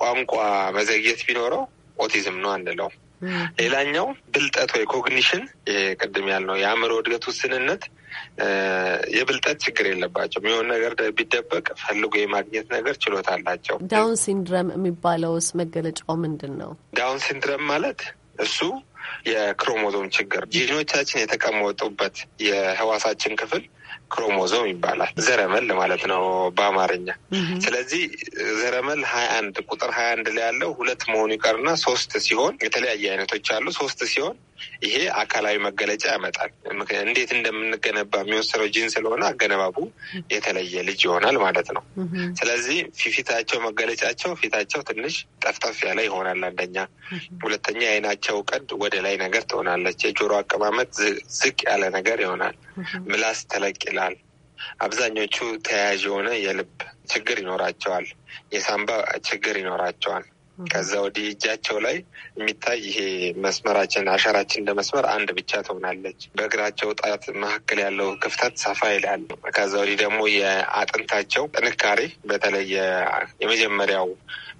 ቋንቋ መዘግየት ቢኖረው ኦቲዝም ነው አንለው። ሌላኛው ብልጠት ወይ ኮግኒሽን ቅድም ያልነው የአእምሮ እድገት ውስንነት የብልጠት ችግር የለባቸውም። የሆነ ነገር ቢደበቅ ፈልጎ የማግኘት ነገር ችሎታ አላቸው። ዳውን ሲንድረም የሚባለውስ መገለጫው ምንድን ነው? ዳውን ሲንድረም ማለት እሱ የክሮሞዞም ችግር ጂኖቻችን የተቀመጡበት የህዋሳችን ክፍል ክሮሞዞም ይባላል። ዘረመል ማለት ነው በአማርኛ። ስለዚህ ዘረመል ሀያ አንድ ቁጥር ሀያ አንድ ላይ ያለው ሁለት መሆኑ ይቀርና ሶስት ሲሆን የተለያየ አይነቶች አሉ። ሶስት ሲሆን ይሄ አካላዊ መገለጫ ያመጣል። እንዴት እንደምንገነባ የሚወሰነው ጂን ስለሆነ አገነባቡ የተለየ ልጅ ይሆናል ማለት ነው። ስለዚህ ፊታቸው መገለጫቸው ፊታቸው ትንሽ ጠፍጠፍ ያለ ይሆናል አንደኛ። ሁለተኛ የአይናቸው ቀድ ወደ ላይ ነገር ትሆናለች። የጆሮ አቀማመጥ ዝቅ ያለ ነገር ይሆናል። ምላስ ተለቅ ዝቅ አብዛኞቹ ተያያዥ የሆነ የልብ ችግር ይኖራቸዋል፣ የሳምባ ችግር ይኖራቸዋል። ከዛ ወዲህ እጃቸው ላይ የሚታይ ይሄ መስመራችን አሻራችን እንደ መስመር አንድ ብቻ ትሆናለች። በእግራቸው ጣት መካከል ያለው ክፍተት ሰፋ ይላል። ከዛ ወዲህ ደግሞ የአጥንታቸው ጥንካሬ በተለይ የመጀመሪያው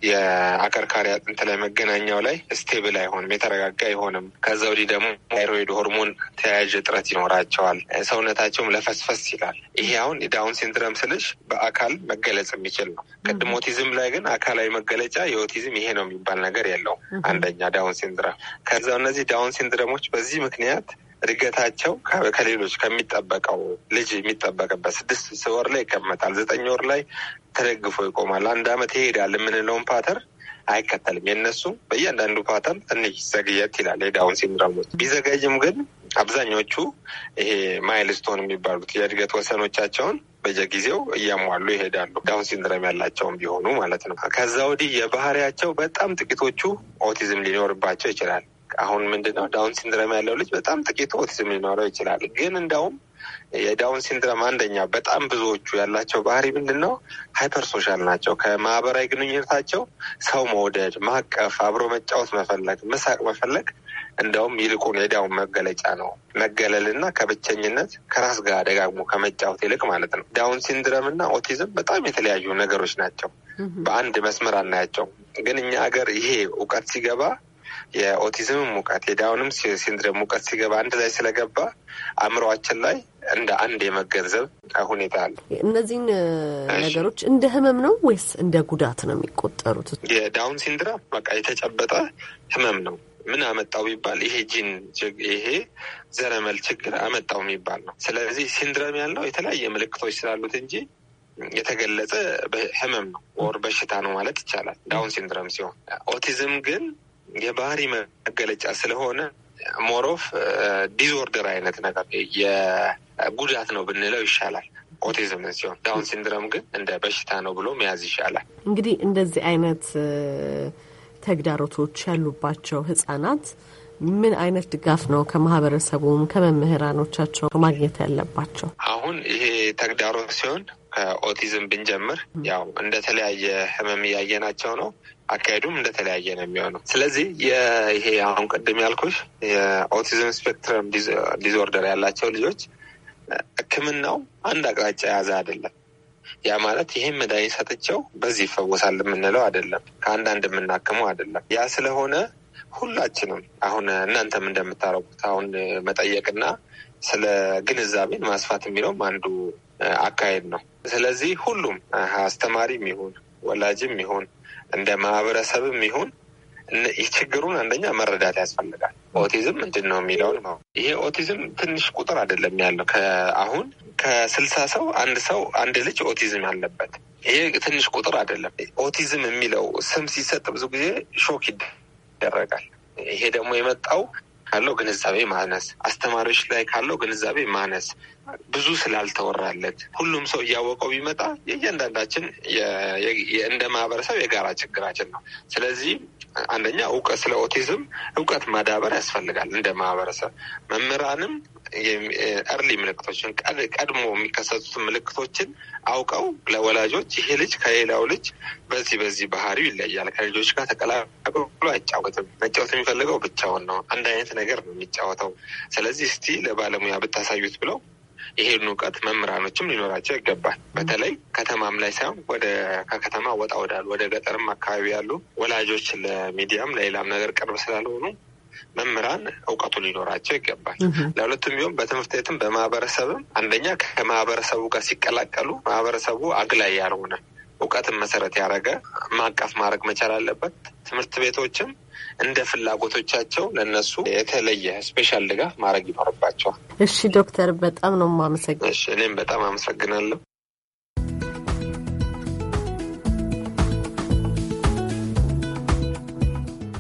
የአከርካሪ አጥንት ላይ መገናኛው ላይ ስቴብል አይሆንም፣ የተረጋጋ አይሆንም። ከዛ ወዲህ ደግሞ ታይሮይድ ሆርሞን ተያያዥ እጥረት ይኖራቸዋል። ሰውነታቸውም ለፈስፈስ ይላል። ይሄ አሁን ዳውን ሲንድረም ስልሽ በአካል መገለጽ የሚችል ነው። ቅድም ኦቲዝም ላይ ግን አካላዊ መገለጫ የኦቲዝም ይሄ ነው የሚባል ነገር የለውም። አንደኛ ዳውን ሲንድረም ከዛ እነዚህ ዳውን ሲንድረሞች በዚህ ምክንያት እድገታቸው ከሌሎች ከሚጠበቀው ልጅ የሚጠበቅበት ስድስት ወር ላይ ይቀመጣል። ዘጠኝ ወር ላይ ተደግፎ ይቆማል። አንድ አመት ይሄዳል የምንለውን ፓተር አይከተልም። የእነሱ በእያንዳንዱ ፓተር ትንሽ ዘግየት ይላል። የዳውን ሲንድሮም ቢዘገይም ግን አብዛኞቹ ይሄ ማይልስቶን የሚባሉት የእድገት ወሰኖቻቸውን በየጊዜው እያሟሉ ይሄዳሉ። ዳውን ሲንድረም ያላቸውም ቢሆኑ ማለት ነው። ከዛ ወዲህ የባህሪያቸው በጣም ጥቂቶቹ ኦቲዝም ሊኖርባቸው ይችላል። አሁን ምንድነው ዳውን ሲንድረም ያለው ልጅ በጣም ጥቂቱ ኦቲዝም ሊኖረው ይችላል። ግን እንደውም የዳውን ሲንድረም አንደኛ በጣም ብዙዎቹ ያላቸው ባህሪ ምንድን ነው? ሃይፐር ሶሻል ናቸው። ከማህበራዊ ግንኙነታቸው ሰው መውደድ፣ ማቀፍ፣ አብሮ መጫወት መፈለግ፣ መሳቅ መፈለግ እንደውም ይልቁን የዳውን መገለጫ ነው። መገለልና ከብቸኝነት ከራስ ጋር ደጋግሞ ከመጫወት ይልቅ ማለት ነው። ዳውን ሲንድረም እና ኦቲዝም በጣም የተለያዩ ነገሮች ናቸው። በአንድ መስመር አናያቸው። ግን እኛ ሀገር ይሄ እውቀት ሲገባ የኦቲዝም ሙቀት የዳውንም ሲንድሮም ሙቀት ሲገባ አንድ ላይ ስለገባ አእምሯችን ላይ እንደ አንድ የመገንዘብ ሁኔታ አለ። እነዚህን ነገሮች እንደ ህመም ነው ወይስ እንደ ጉዳት ነው የሚቆጠሩት? የዳውን ሲንድሮም በቃ የተጨበጠ ህመም ነው። ምን አመጣው ቢባል ይሄ ጂን ይሄ ዘረመል ችግር አመጣው የሚባል ነው። ስለዚህ ሲንድረም ያለው የተለያየ ምልክቶች ስላሉት እንጂ የተገለጸ ህመም ነው ወር በሽታ ነው ማለት ይቻላል ዳውን ሲንድረም ሲሆን ኦቲዝም ግን የባህሪ መገለጫ ስለሆነ ሞሮፍ ዲዞርደር አይነት ነገር የጉዳት ነው ብንለው ይሻላል። ኦቲዝም ሲሆን ዳውን ሲንድረም ግን እንደ በሽታ ነው ብሎ መያዝ ይሻላል። እንግዲህ እንደዚህ አይነት ተግዳሮቶች ያሉባቸው ህጻናት ምን አይነት ድጋፍ ነው ከማህበረሰቡም ከመምህራኖቻቸው ማግኘት ያለባቸው? አሁን ይሄ ተግዳሮት ሲሆን ከኦቲዝም ብንጀምር ያው እንደተለያየ ህመም እያየናቸው ነው። አካሄዱም እንደተለያየ ነው የሚሆነው። ስለዚህ ይሄ አሁን ቅድም ያልኩሽ የኦቲዝም ስፔክትረም ዲዞርደር ያላቸው ልጆች ሕክምናው አንድ አቅጣጫ የያዘ አይደለም። ያ ማለት ይህም መድኃኒት ሰጥቸው በዚህ ይፈወሳል የምንለው አይደለም። ከአንዳንድ የምናክመው አይደለም። ያ ስለሆነ ሁላችንም አሁን እናንተም እንደምታረጉት አሁን መጠየቅና ስለ ግንዛቤን ማስፋት የሚለውም አንዱ አካሄድ ነው። ስለዚህ ሁሉም አስተማሪም ይሁን ወላጅም ይሁን እንደ ማህበረሰብም ይሁን ችግሩን አንደኛ መረዳት ያስፈልጋል። ኦቲዝም ምንድን ነው የሚለውን ይሄ ኦቲዝም ትንሽ ቁጥር አይደለም ያለው አሁን ከስልሳ ሰው አንድ ሰው አንድ ልጅ ኦቲዝም አለበት። ይሄ ትንሽ ቁጥር አይደለም። ኦቲዝም የሚለው ስም ሲሰጥ ብዙ ጊዜ ሾክ ይደረጋል። ይሄ ደግሞ የመጣው ካለው ግንዛቤ ማነስ፣ አስተማሪዎች ላይ ካለው ግንዛቤ ማነስ፣ ብዙ ስላልተወራለት ሁሉም ሰው እያወቀው ቢመጣ የእያንዳንዳችን እንደ ማህበረሰብ የጋራ ችግራችን ነው። ስለዚህ አንደኛ እውቀት ስለ ኦቲዝም እውቀት ማዳበር ያስፈልጋል። እንደ ማህበረሰብ መምህራንም ርሊ ምልክቶችን ቀድሞ የሚከሰቱትን ምልክቶችን አውቀው ለወላጆች ይሄ ልጅ ከሌላው ልጅ በዚህ በዚህ ባህሪው ይለያል፣ ከልጆች ጋር ተቀላቅሎ አይጫወትም፣ መጫወት የሚፈልገው ብቻውን ነው፣ አንድ አይነት ነገር ነው የሚጫወተው። ስለዚህ እስቲ ለባለሙያ ብታሳዩት ብለው ይሄን እውቀት መምህራኖችም ሊኖራቸው ይገባል። በተለይ ከተማም ላይ ሳይሆን ወደ ከከተማ ወጣ ወዳሉ ወደ ገጠርም አካባቢ ያሉ ወላጆች ለሚዲያም ለሌላም ነገር ቅርብ ስላልሆኑ መምህራን እውቀቱ ሊኖራቸው ይገባል። ለሁለቱም ቢሆን በትምህርት ቤትም በማህበረሰብም አንደኛ ከማህበረሰቡ ጋር ሲቀላቀሉ ማህበረሰቡ አግላይ ያልሆነ እውቀትን መሰረት ያደረገ ማቀፍ ማድረግ መቻል አለበት። ትምህርት ቤቶችም እንደ ፍላጎቶቻቸው ለነሱ የተለየ ስፔሻል ድጋፍ ማድረግ ይኖርባቸዋል። እሺ ዶክተር፣ በጣም ነው የማመሰግነው። እሺ እኔም በጣም አመሰግናለሁ።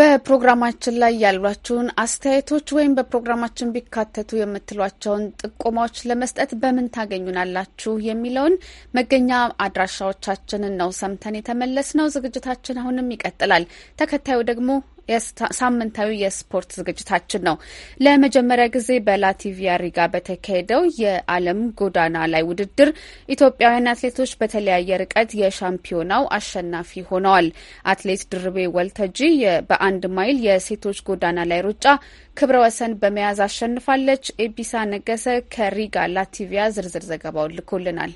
በፕሮግራማችን ላይ ያሏችሁን አስተያየቶች ወይም በፕሮግራማችን ቢካተቱ የምትሏቸውን ጥቆማዎች ለመስጠት በምን ታገኙናላችሁ የሚለውን መገኛ አድራሻዎቻችንን ነው ሰምተን የተመለስ ነው። ዝግጅታችን አሁንም ይቀጥላል። ተከታዩ ደግሞ ሳምንታዊ የስፖርት ዝግጅታችን ነው። ለመጀመሪያ ጊዜ በላቲቪያ ሪጋ በተካሄደው የዓለም ጎዳና ላይ ውድድር ኢትዮጵያውያን አትሌቶች በተለያየ ርቀት የሻምፒዮናው አሸናፊ ሆነዋል። አትሌት ድርቤ ወልተጂ በአንድ ማይል የሴቶች ጎዳና ላይ ሩጫ ክብረ ወሰን በመያዝ አሸንፋለች። ኤቢሳ ነገሰ ከሪጋ ላቲቪያ ዝርዝር ዘገባውን ልኮልናል።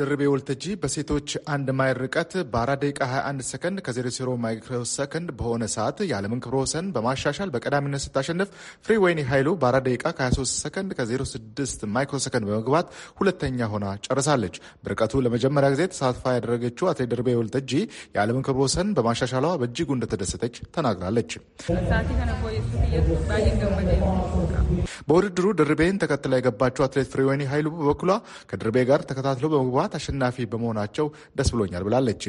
ድርቤ ወልተጂ በሴቶች አንድ ማይል ርቀት በ4 ደቂቃ 21 ሰከንድ ከ00 ማይክሮ ሰከንድ በሆነ ሰዓት የዓለምን ክብረ ወሰን በማሻሻል በቀዳሚነት ስታሸንፍ ፍሪወይኒ ኃይሉ በ4 ደቂቃ ከ23 ሰከንድ ከ06 ማይክሮ ሰከንድ በመግባት ሁለተኛ ሆና ጨርሳለች። በርቀቱ ለመጀመሪያ ጊዜ ተሳትፋ ያደረገችው አትሌት ድርቤ ወልተጂ የዓለምን ክብረ ወሰን በማሻሻሏ በእጅጉ እንደተደሰተች ተናግራለች። በውድድሩ ድርቤን ተከትላ የገባችው አትሌት ፍሪወይኒ ኃይሉ በበኩሏ ከድርቤ ጋር ተከታትሎ በመግባት በመግባት አሸናፊ በመሆናቸው ደስ ብሎኛል ብላለች።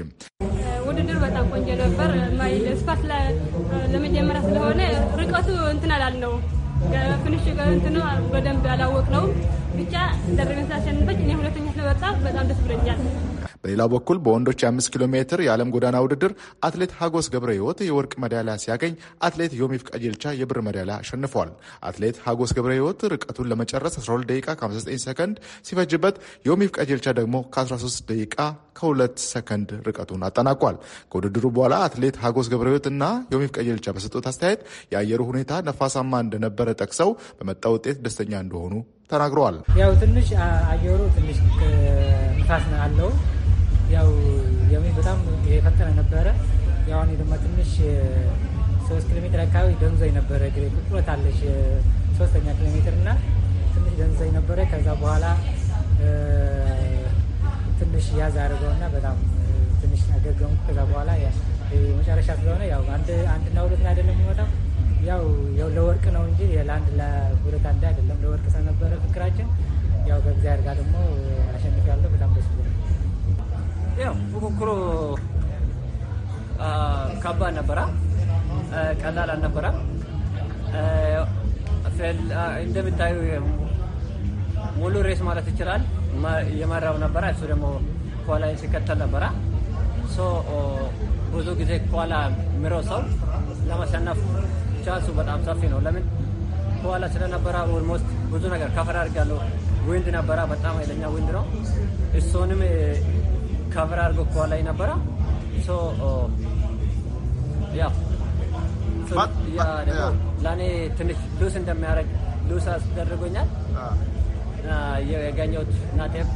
ውድድር በጣም ቆንጆ ነበር። ማይል ስፋት ለመጀመሪያ ስለሆነ ርቀቱ እንትን አላልነው ፍንሽ እንትኑ በደንብ አላወቅ ነው ብቻ ደብረቤት ስላሸንፈች እኔ ሁለተኛ ስለወጣ በጣም ደስ ብሎኛል። በሌላ በኩል በወንዶች የአምስት ኪሎ ሜትር የዓለም ጎዳና ውድድር አትሌት ሀጎስ ገብረ ህይወት የወርቅ መዳሊያ ሲያገኝ አትሌት ዮሚፍ ቀጀልቻ የብር መዳሊያ አሸንፏል። አትሌት ሀጎስ ገብረ ህይወት ርቀቱን ለመጨረስ 12 ደቂቃ 59 ሰከንድ ሲፈጅበት፣ ዮሚፍ ቀጀልቻ ደግሞ ከ13 ደቂቃ ከሁለት ሰከንድ ርቀቱን አጠናቋል። ከውድድሩ በኋላ አትሌት ሀጎስ ገብረ ህይወት እና ዮሚፍ ቀጀልቻ በሰጡት አስተያየት የአየሩ ሁኔታ ነፋሳማ እንደነበረ ጠቅሰው በመጣ ውጤት ደስተኛ እንደሆኑ ተናግረዋል። ያው ትንሽ አየሩ ትንሽ ንፋስ አለው ያው የሚ በጣም የፈጠነ ነበረ። ያው እኔ ደግሞ ትንሽ ሶስት ኪሎ ሜትር አካባቢ ደንዞኝ ነበረ። እግሬ ቁጥረት አለሽ ሶስተኛ ኪሎ ሜትር እና ትንሽ ደንዞኝ ነበረ። ከዛ በኋላ ትንሽ ያዝ አድርገው እና በጣም ትንሽ ነገር አገገምኩ። ከዛ በኋላ መጨረሻ ስለሆነ ያው አንድ አንድና ሁለት አይደለም የሚወጣው ያው ለወርቅ ነው እንጂ ለአንድ ለሁለት አንድ አይደለም። ለወርቅ ስለነበረ ፍክራችን ያው ከእግዚአብሔር ጋር ደግሞ አሸንፍ ያለው በጣም ደስ ብሎ ያው ፉክክሩ ከባድ ነበረ፣ ቀላል አልነበረ። እንደምታዩ ሙሉ ሬስ ማለት ይችላል የመራው ነበረ። እሱ ደግሞ ኳላ ሲከተል ነበረ። ብዙ ጊዜ ኮላ ምሮ ሰው ለመሸነፍ ቻንሱ በጣም ሰፊ ነው። ለምን ኳላ ስለነበረ ኦልሞስት ብዙ ነገር ከፈራ አድርጋለሁ። ዊንድ ነበረ፣ በጣም ኃይለኛ ዊንድ ነው። እሱንም ከቨር አድርጎ ከኋላ ነበረ። uh, ለእኔ ትንሽ ሉስ እንደሚያደርግ ሉስ አስደርጎኛል። ah. uh, የገኘሁት ናቴፕ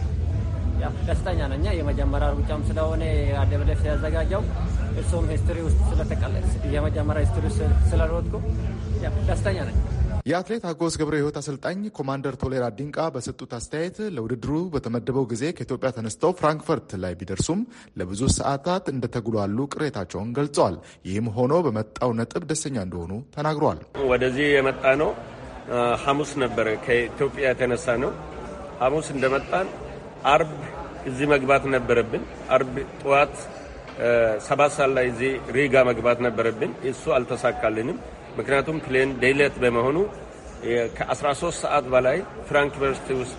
ደስተኛ ነኛ። የመጀመሪያ ሩጫም ስለሆነ አደብለፍ ሲያዘጋጀው እሱም ሂስትሪ ውስጥ ስለተቀለ የመጀመሪያ ሂስትሪ ስለሮጥኩ ደስተኛ ነኝ። የአትሌት ሀጎስ ገብረ ህይወት አሰልጣኝ ኮማንደር ቶሌራ ዲንቃ በሰጡት አስተያየት ለውድድሩ በተመደበው ጊዜ ከኢትዮጵያ ተነስተው ፍራንክፈርት ላይ ቢደርሱም ለብዙ ሰዓታት እንደተጉሏሉ ቅሬታቸውን ገልጸዋል። ይህም ሆኖ በመጣው ነጥብ ደስተኛ እንደሆኑ ተናግረዋል። ወደዚህ የመጣ ነው ሐሙስ ነበረ ከኢትዮጵያ የተነሳ ነው። ሐሙስ እንደመጣን አርብ እዚህ መግባት ነበረብን። አርብ ጠዋት ሰባት ሰዓት ላይ እዚህ ሪጋ መግባት ነበረብን። እሱ አልተሳካልንም። ምክንያቱም ፕሌን ዴይሌት በመሆኑ ከ13 ሰዓት በላይ ፍራንክ ዩኒቨርሲቲ ውስጥ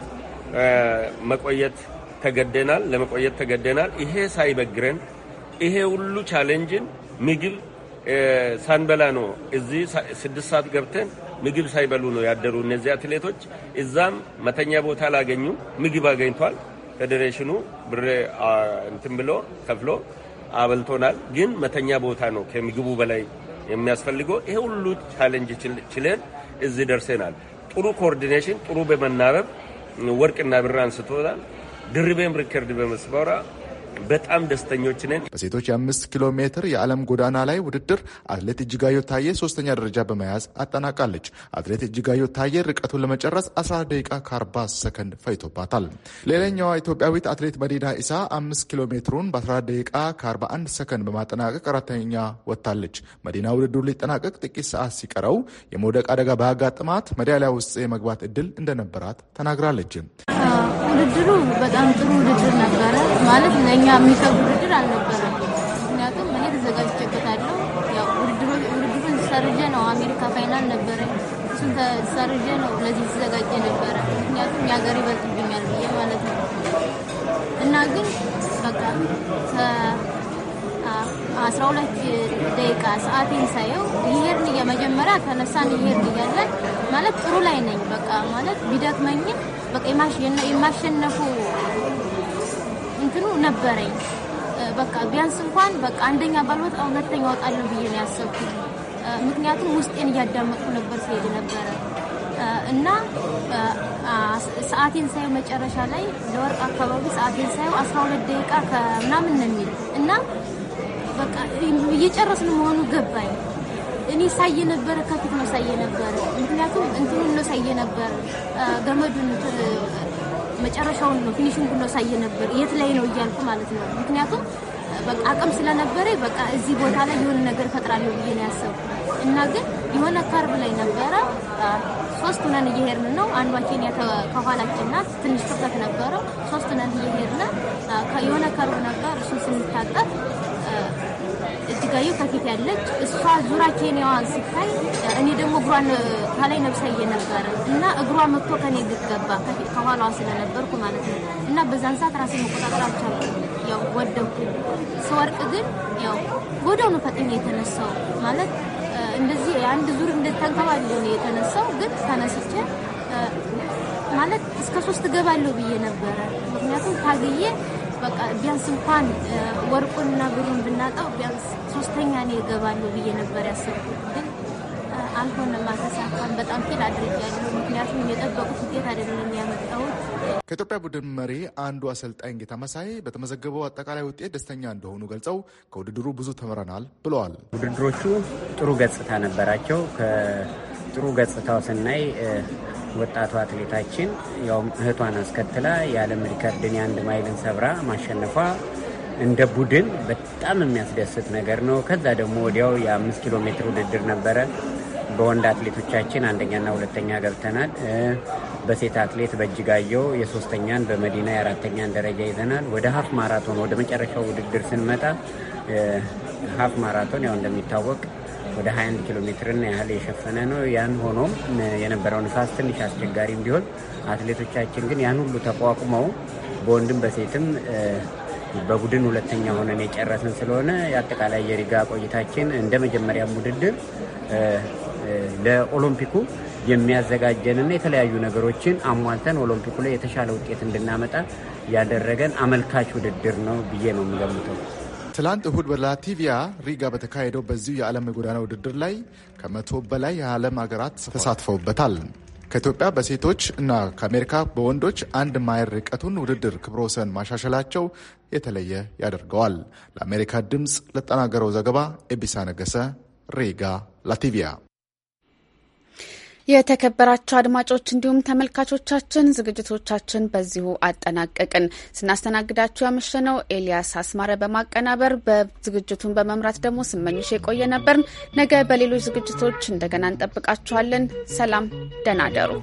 መቆየት ተገደናል፣ ለመቆየት ተገደናል። ይሄ ሳይበግረን ይሄ ሁሉ ቻሌንጅን ምግብ ሳንበላ ነው እዚህ ስድስት ሰዓት ገብተን ምግብ ሳይበሉ ነው ያደሩ እነዚህ አትሌቶች። እዛም መተኛ ቦታ ላገኙ ምግብ አገኝቷል። ፌዴሬሽኑ ብር እንትን ብሎ ከፍሎ አበልቶናል። ግን መተኛ ቦታ ነው ከምግቡ በላይ የሚያስፈልገው። ይሄ ሁሉ ቻሌንጅ ችለን እዚህ ደርሰናል። ጥሩ ኮኦርዲኔሽን፣ ጥሩ በመናበብ ወርቅና ብር አንስቶታል። ድርቤም ሪከርድ በመስበራ በጣም ደስተኞች ነን። በሴቶች የአምስት ኪሎ ሜትር የዓለም ጎዳና ላይ ውድድር አትሌት እጅጋዮ ታየ ሶስተኛ ደረጃ በመያዝ አጠናቃለች። አትሌት እጅጋዮ ታየ ርቀቱን ለመጨረስ 11 ደቂቃ ከ40 ሰከንድ ፈይቶባታል። ሌላኛዋ ኢትዮጵያዊት አትሌት መዲና ኢሳ አምስት ኪሎ ሜትሩን በ 11 ደቂቃ ከ41 ሰከንድ በማጠናቀቅ አራተኛ ወጥታለች። መዲና ውድድሩ ሊጠናቀቅ ጥቂት ሰዓት ሲቀረው የመውደቅ አደጋ በአጋጥማት ሜዳሊያ ውስጥ የመግባት እድል እንደነበራት ተናግራለች። ውድድሩ በጣም ጥሩ ውድድር ማለት ለእኛ የሚከብድ ውድድር አልነበረም። ምክንያቱም እኔ ተዘጋጅቼበታለሁ። ያው ውድድሩን ሰርጀ ነው አሜሪካ ፋይናል ነበረ። እሱን ተሰርጀ ነው ለዚህ ተዘጋጀ ነበረ። ምክንያቱም የሀገር ይበልጥብኛል ብዬ ማለት ነው እና ግን በቃ አስራ ሁለት ደቂቃ ሰዓቴን ሳየው ይሄን እየመጀመሪያ ተነሳን ይሄን እያለን ማለት ጥሩ ላይ ነኝ። በቃ ማለት ቢደክመኝም በቃ የማሸነፉ ነበረኝ። በቃ ቢያንስ እንኳን በቃ አንደኛ ባልወጣ ሁለተኛ ወጣለሁ ብዬ ነው ያሰብኩት። ምክንያቱም ውስጤን እያዳመጥኩ ነበር ሲሄድ ነበረ እና ሰዓቴን ሳየው መጨረሻ ላይ ለወርቅ አካባቢ ሰዓቴን ሳየው አስራ ሁለት ደቂቃ ከምናምን ነው የሚል እና በቃ እየጨረስን መሆኑ ገባኝ። እኔ ሳየ ነበረ ከፊት ነው ሳየ ነበረ ምክንያቱም እንትኑን ነው ሳየ ነበረ ገመዱን መጨረሻውን ነው ፊኒሽን ነው ሳየ ነበር የት ላይ ነው እያልኩ ማለት ነው። ምክንያቱም በቃ አቅም ስለነበረ በቃ እዚህ ቦታ ላይ የሆነ ነገር እፈጥራለሁ ብዬ ነው ያሰብኩ እና ግን የሆነ ከርብ ላይ ነበረ ሶስት ነን እየሄድን ነው። አንዷ ኬንያ ከኋላችን ናት። ትንሽ ክፍተት ነበረው። ሶስት ነን እየሄድን የሆነ ከርብ ነበር እሱን ስንታጠፍ አገልጋዩ ከፊት ያለች እሷ ዙራ ኬንያዋን ስታይ እኔ ደግሞ እግሯን ከላይ ነብሳዬ ነበረ እና እግሯ መጥቶ ከኔ ልትገባ ከፊት ከኋላዋ ስለነበርኩ ማለት ነው። እና በዛን ሰዓት ራሴ መቆጣጠር አልቻልኩም። ያው ወደኩ። ስወርቅ ግን ያው ወዲያውኑ ፈጥኜ የተነሳው ማለት እንደዚህ አንድ ዙር እንደተንከባለ የተነሳው። ግን ተነስቼ ማለት እስከ ሶስት ገባለሁ ብዬ ነበረ ምክንያቱም ታግዬ በቃ ቢያንስ እንኳን ወርቁንና ብሩን ብናጣው ቢያንስ ሶስተኛ እኔ እገባለሁ ብዬ ነበር ያሰብኩት፣ ግን አልሆነም፣ አልተሳካም። በጣም ፊል አድርጌያለሁ። ምክንያቱም የጠበቁት ውጤት አይደለም ያመጣሁት። ከኢትዮጵያ ቡድን መሪ አንዱ አሰልጣኝ ጌታ መሳይ በተመዘገበው አጠቃላይ ውጤት ደስተኛ እንደሆኑ ገልጸው ከውድድሩ ብዙ ተምረናል ብለዋል። ውድድሮቹ ጥሩ ገጽታ ነበራቸው። ከጥሩ ገጽታው ስናይ ወጣቷ አትሌታችን ያው እህቷን አስከትላ የዓለም ሪከርድን የአንድ ማይልን ሰብራ ማሸነፏ እንደ ቡድን በጣም የሚያስደስት ነገር ነው። ከዛ ደግሞ ወዲያው የአምስት ኪሎ ሜትር ውድድር ነበረ። በወንድ አትሌቶቻችን አንደኛና ሁለተኛ ገብተናል። በሴት አትሌት በእጅጋየው የሶስተኛን በመዲና የአራተኛን ደረጃ ይዘናል። ወደ ሀፍ ማራቶን ወደ መጨረሻው ውድድር ስንመጣ ሀፍ ማራቶን ያው እንደሚታወቅ ወደ 21 ኪሎ ሜትርን ያህል የሸፈነ ነው። ያን ሆኖም የነበረው ንፋስ ትንሽ አስቸጋሪም ቢሆን አትሌቶቻችን ግን ያን ሁሉ ተቋቁመው በወንድም በሴትም በቡድን ሁለተኛ ሆነን የጨረስን ስለሆነ የአጠቃላይ የሪጋ ቆይታችን እንደ መጀመሪያም ውድድር ለኦሎምፒኩ የሚያዘጋጀንና የተለያዩ ነገሮችን አሟልተን ኦሎምፒኩ ላይ የተሻለ ውጤት እንድናመጣ ያደረገን አመልካች ውድድር ነው ብዬ ነው የምገምተው። ትላንት እሁድ በላቲቪያ ሪጋ በተካሄደው በዚሁ የዓለም የጎዳና ውድድር ላይ ከመቶ በላይ የዓለም ሀገራት ተሳትፈውበታል። ከኢትዮጵያ በሴቶች እና ከአሜሪካ በወንዶች አንድ ማይል ርቀቱን ውድድር ክብረ ወሰን ማሻሸላቸው የተለየ ያደርገዋል። ለአሜሪካ ድምፅ ለጠናገረው ዘገባ ኤቢሳ ነገሰ ሪጋ ላቲቪያ የተከበራቸው አድማጮች እንዲሁም ተመልካቾቻችን ዝግጅቶቻችን በዚሁ አጠናቀቅን። ስናስተናግዳችሁ ያመሸነው ኤልያስ አስማረ በማቀናበር በዝግጅቱን በመምራት ደግሞ ስመኞሽ የቆየ ነበርን። ነገ በሌሎች ዝግጅቶች እንደገና እንጠብቃችኋለን። ሰላም፣ ደህና ደሩ።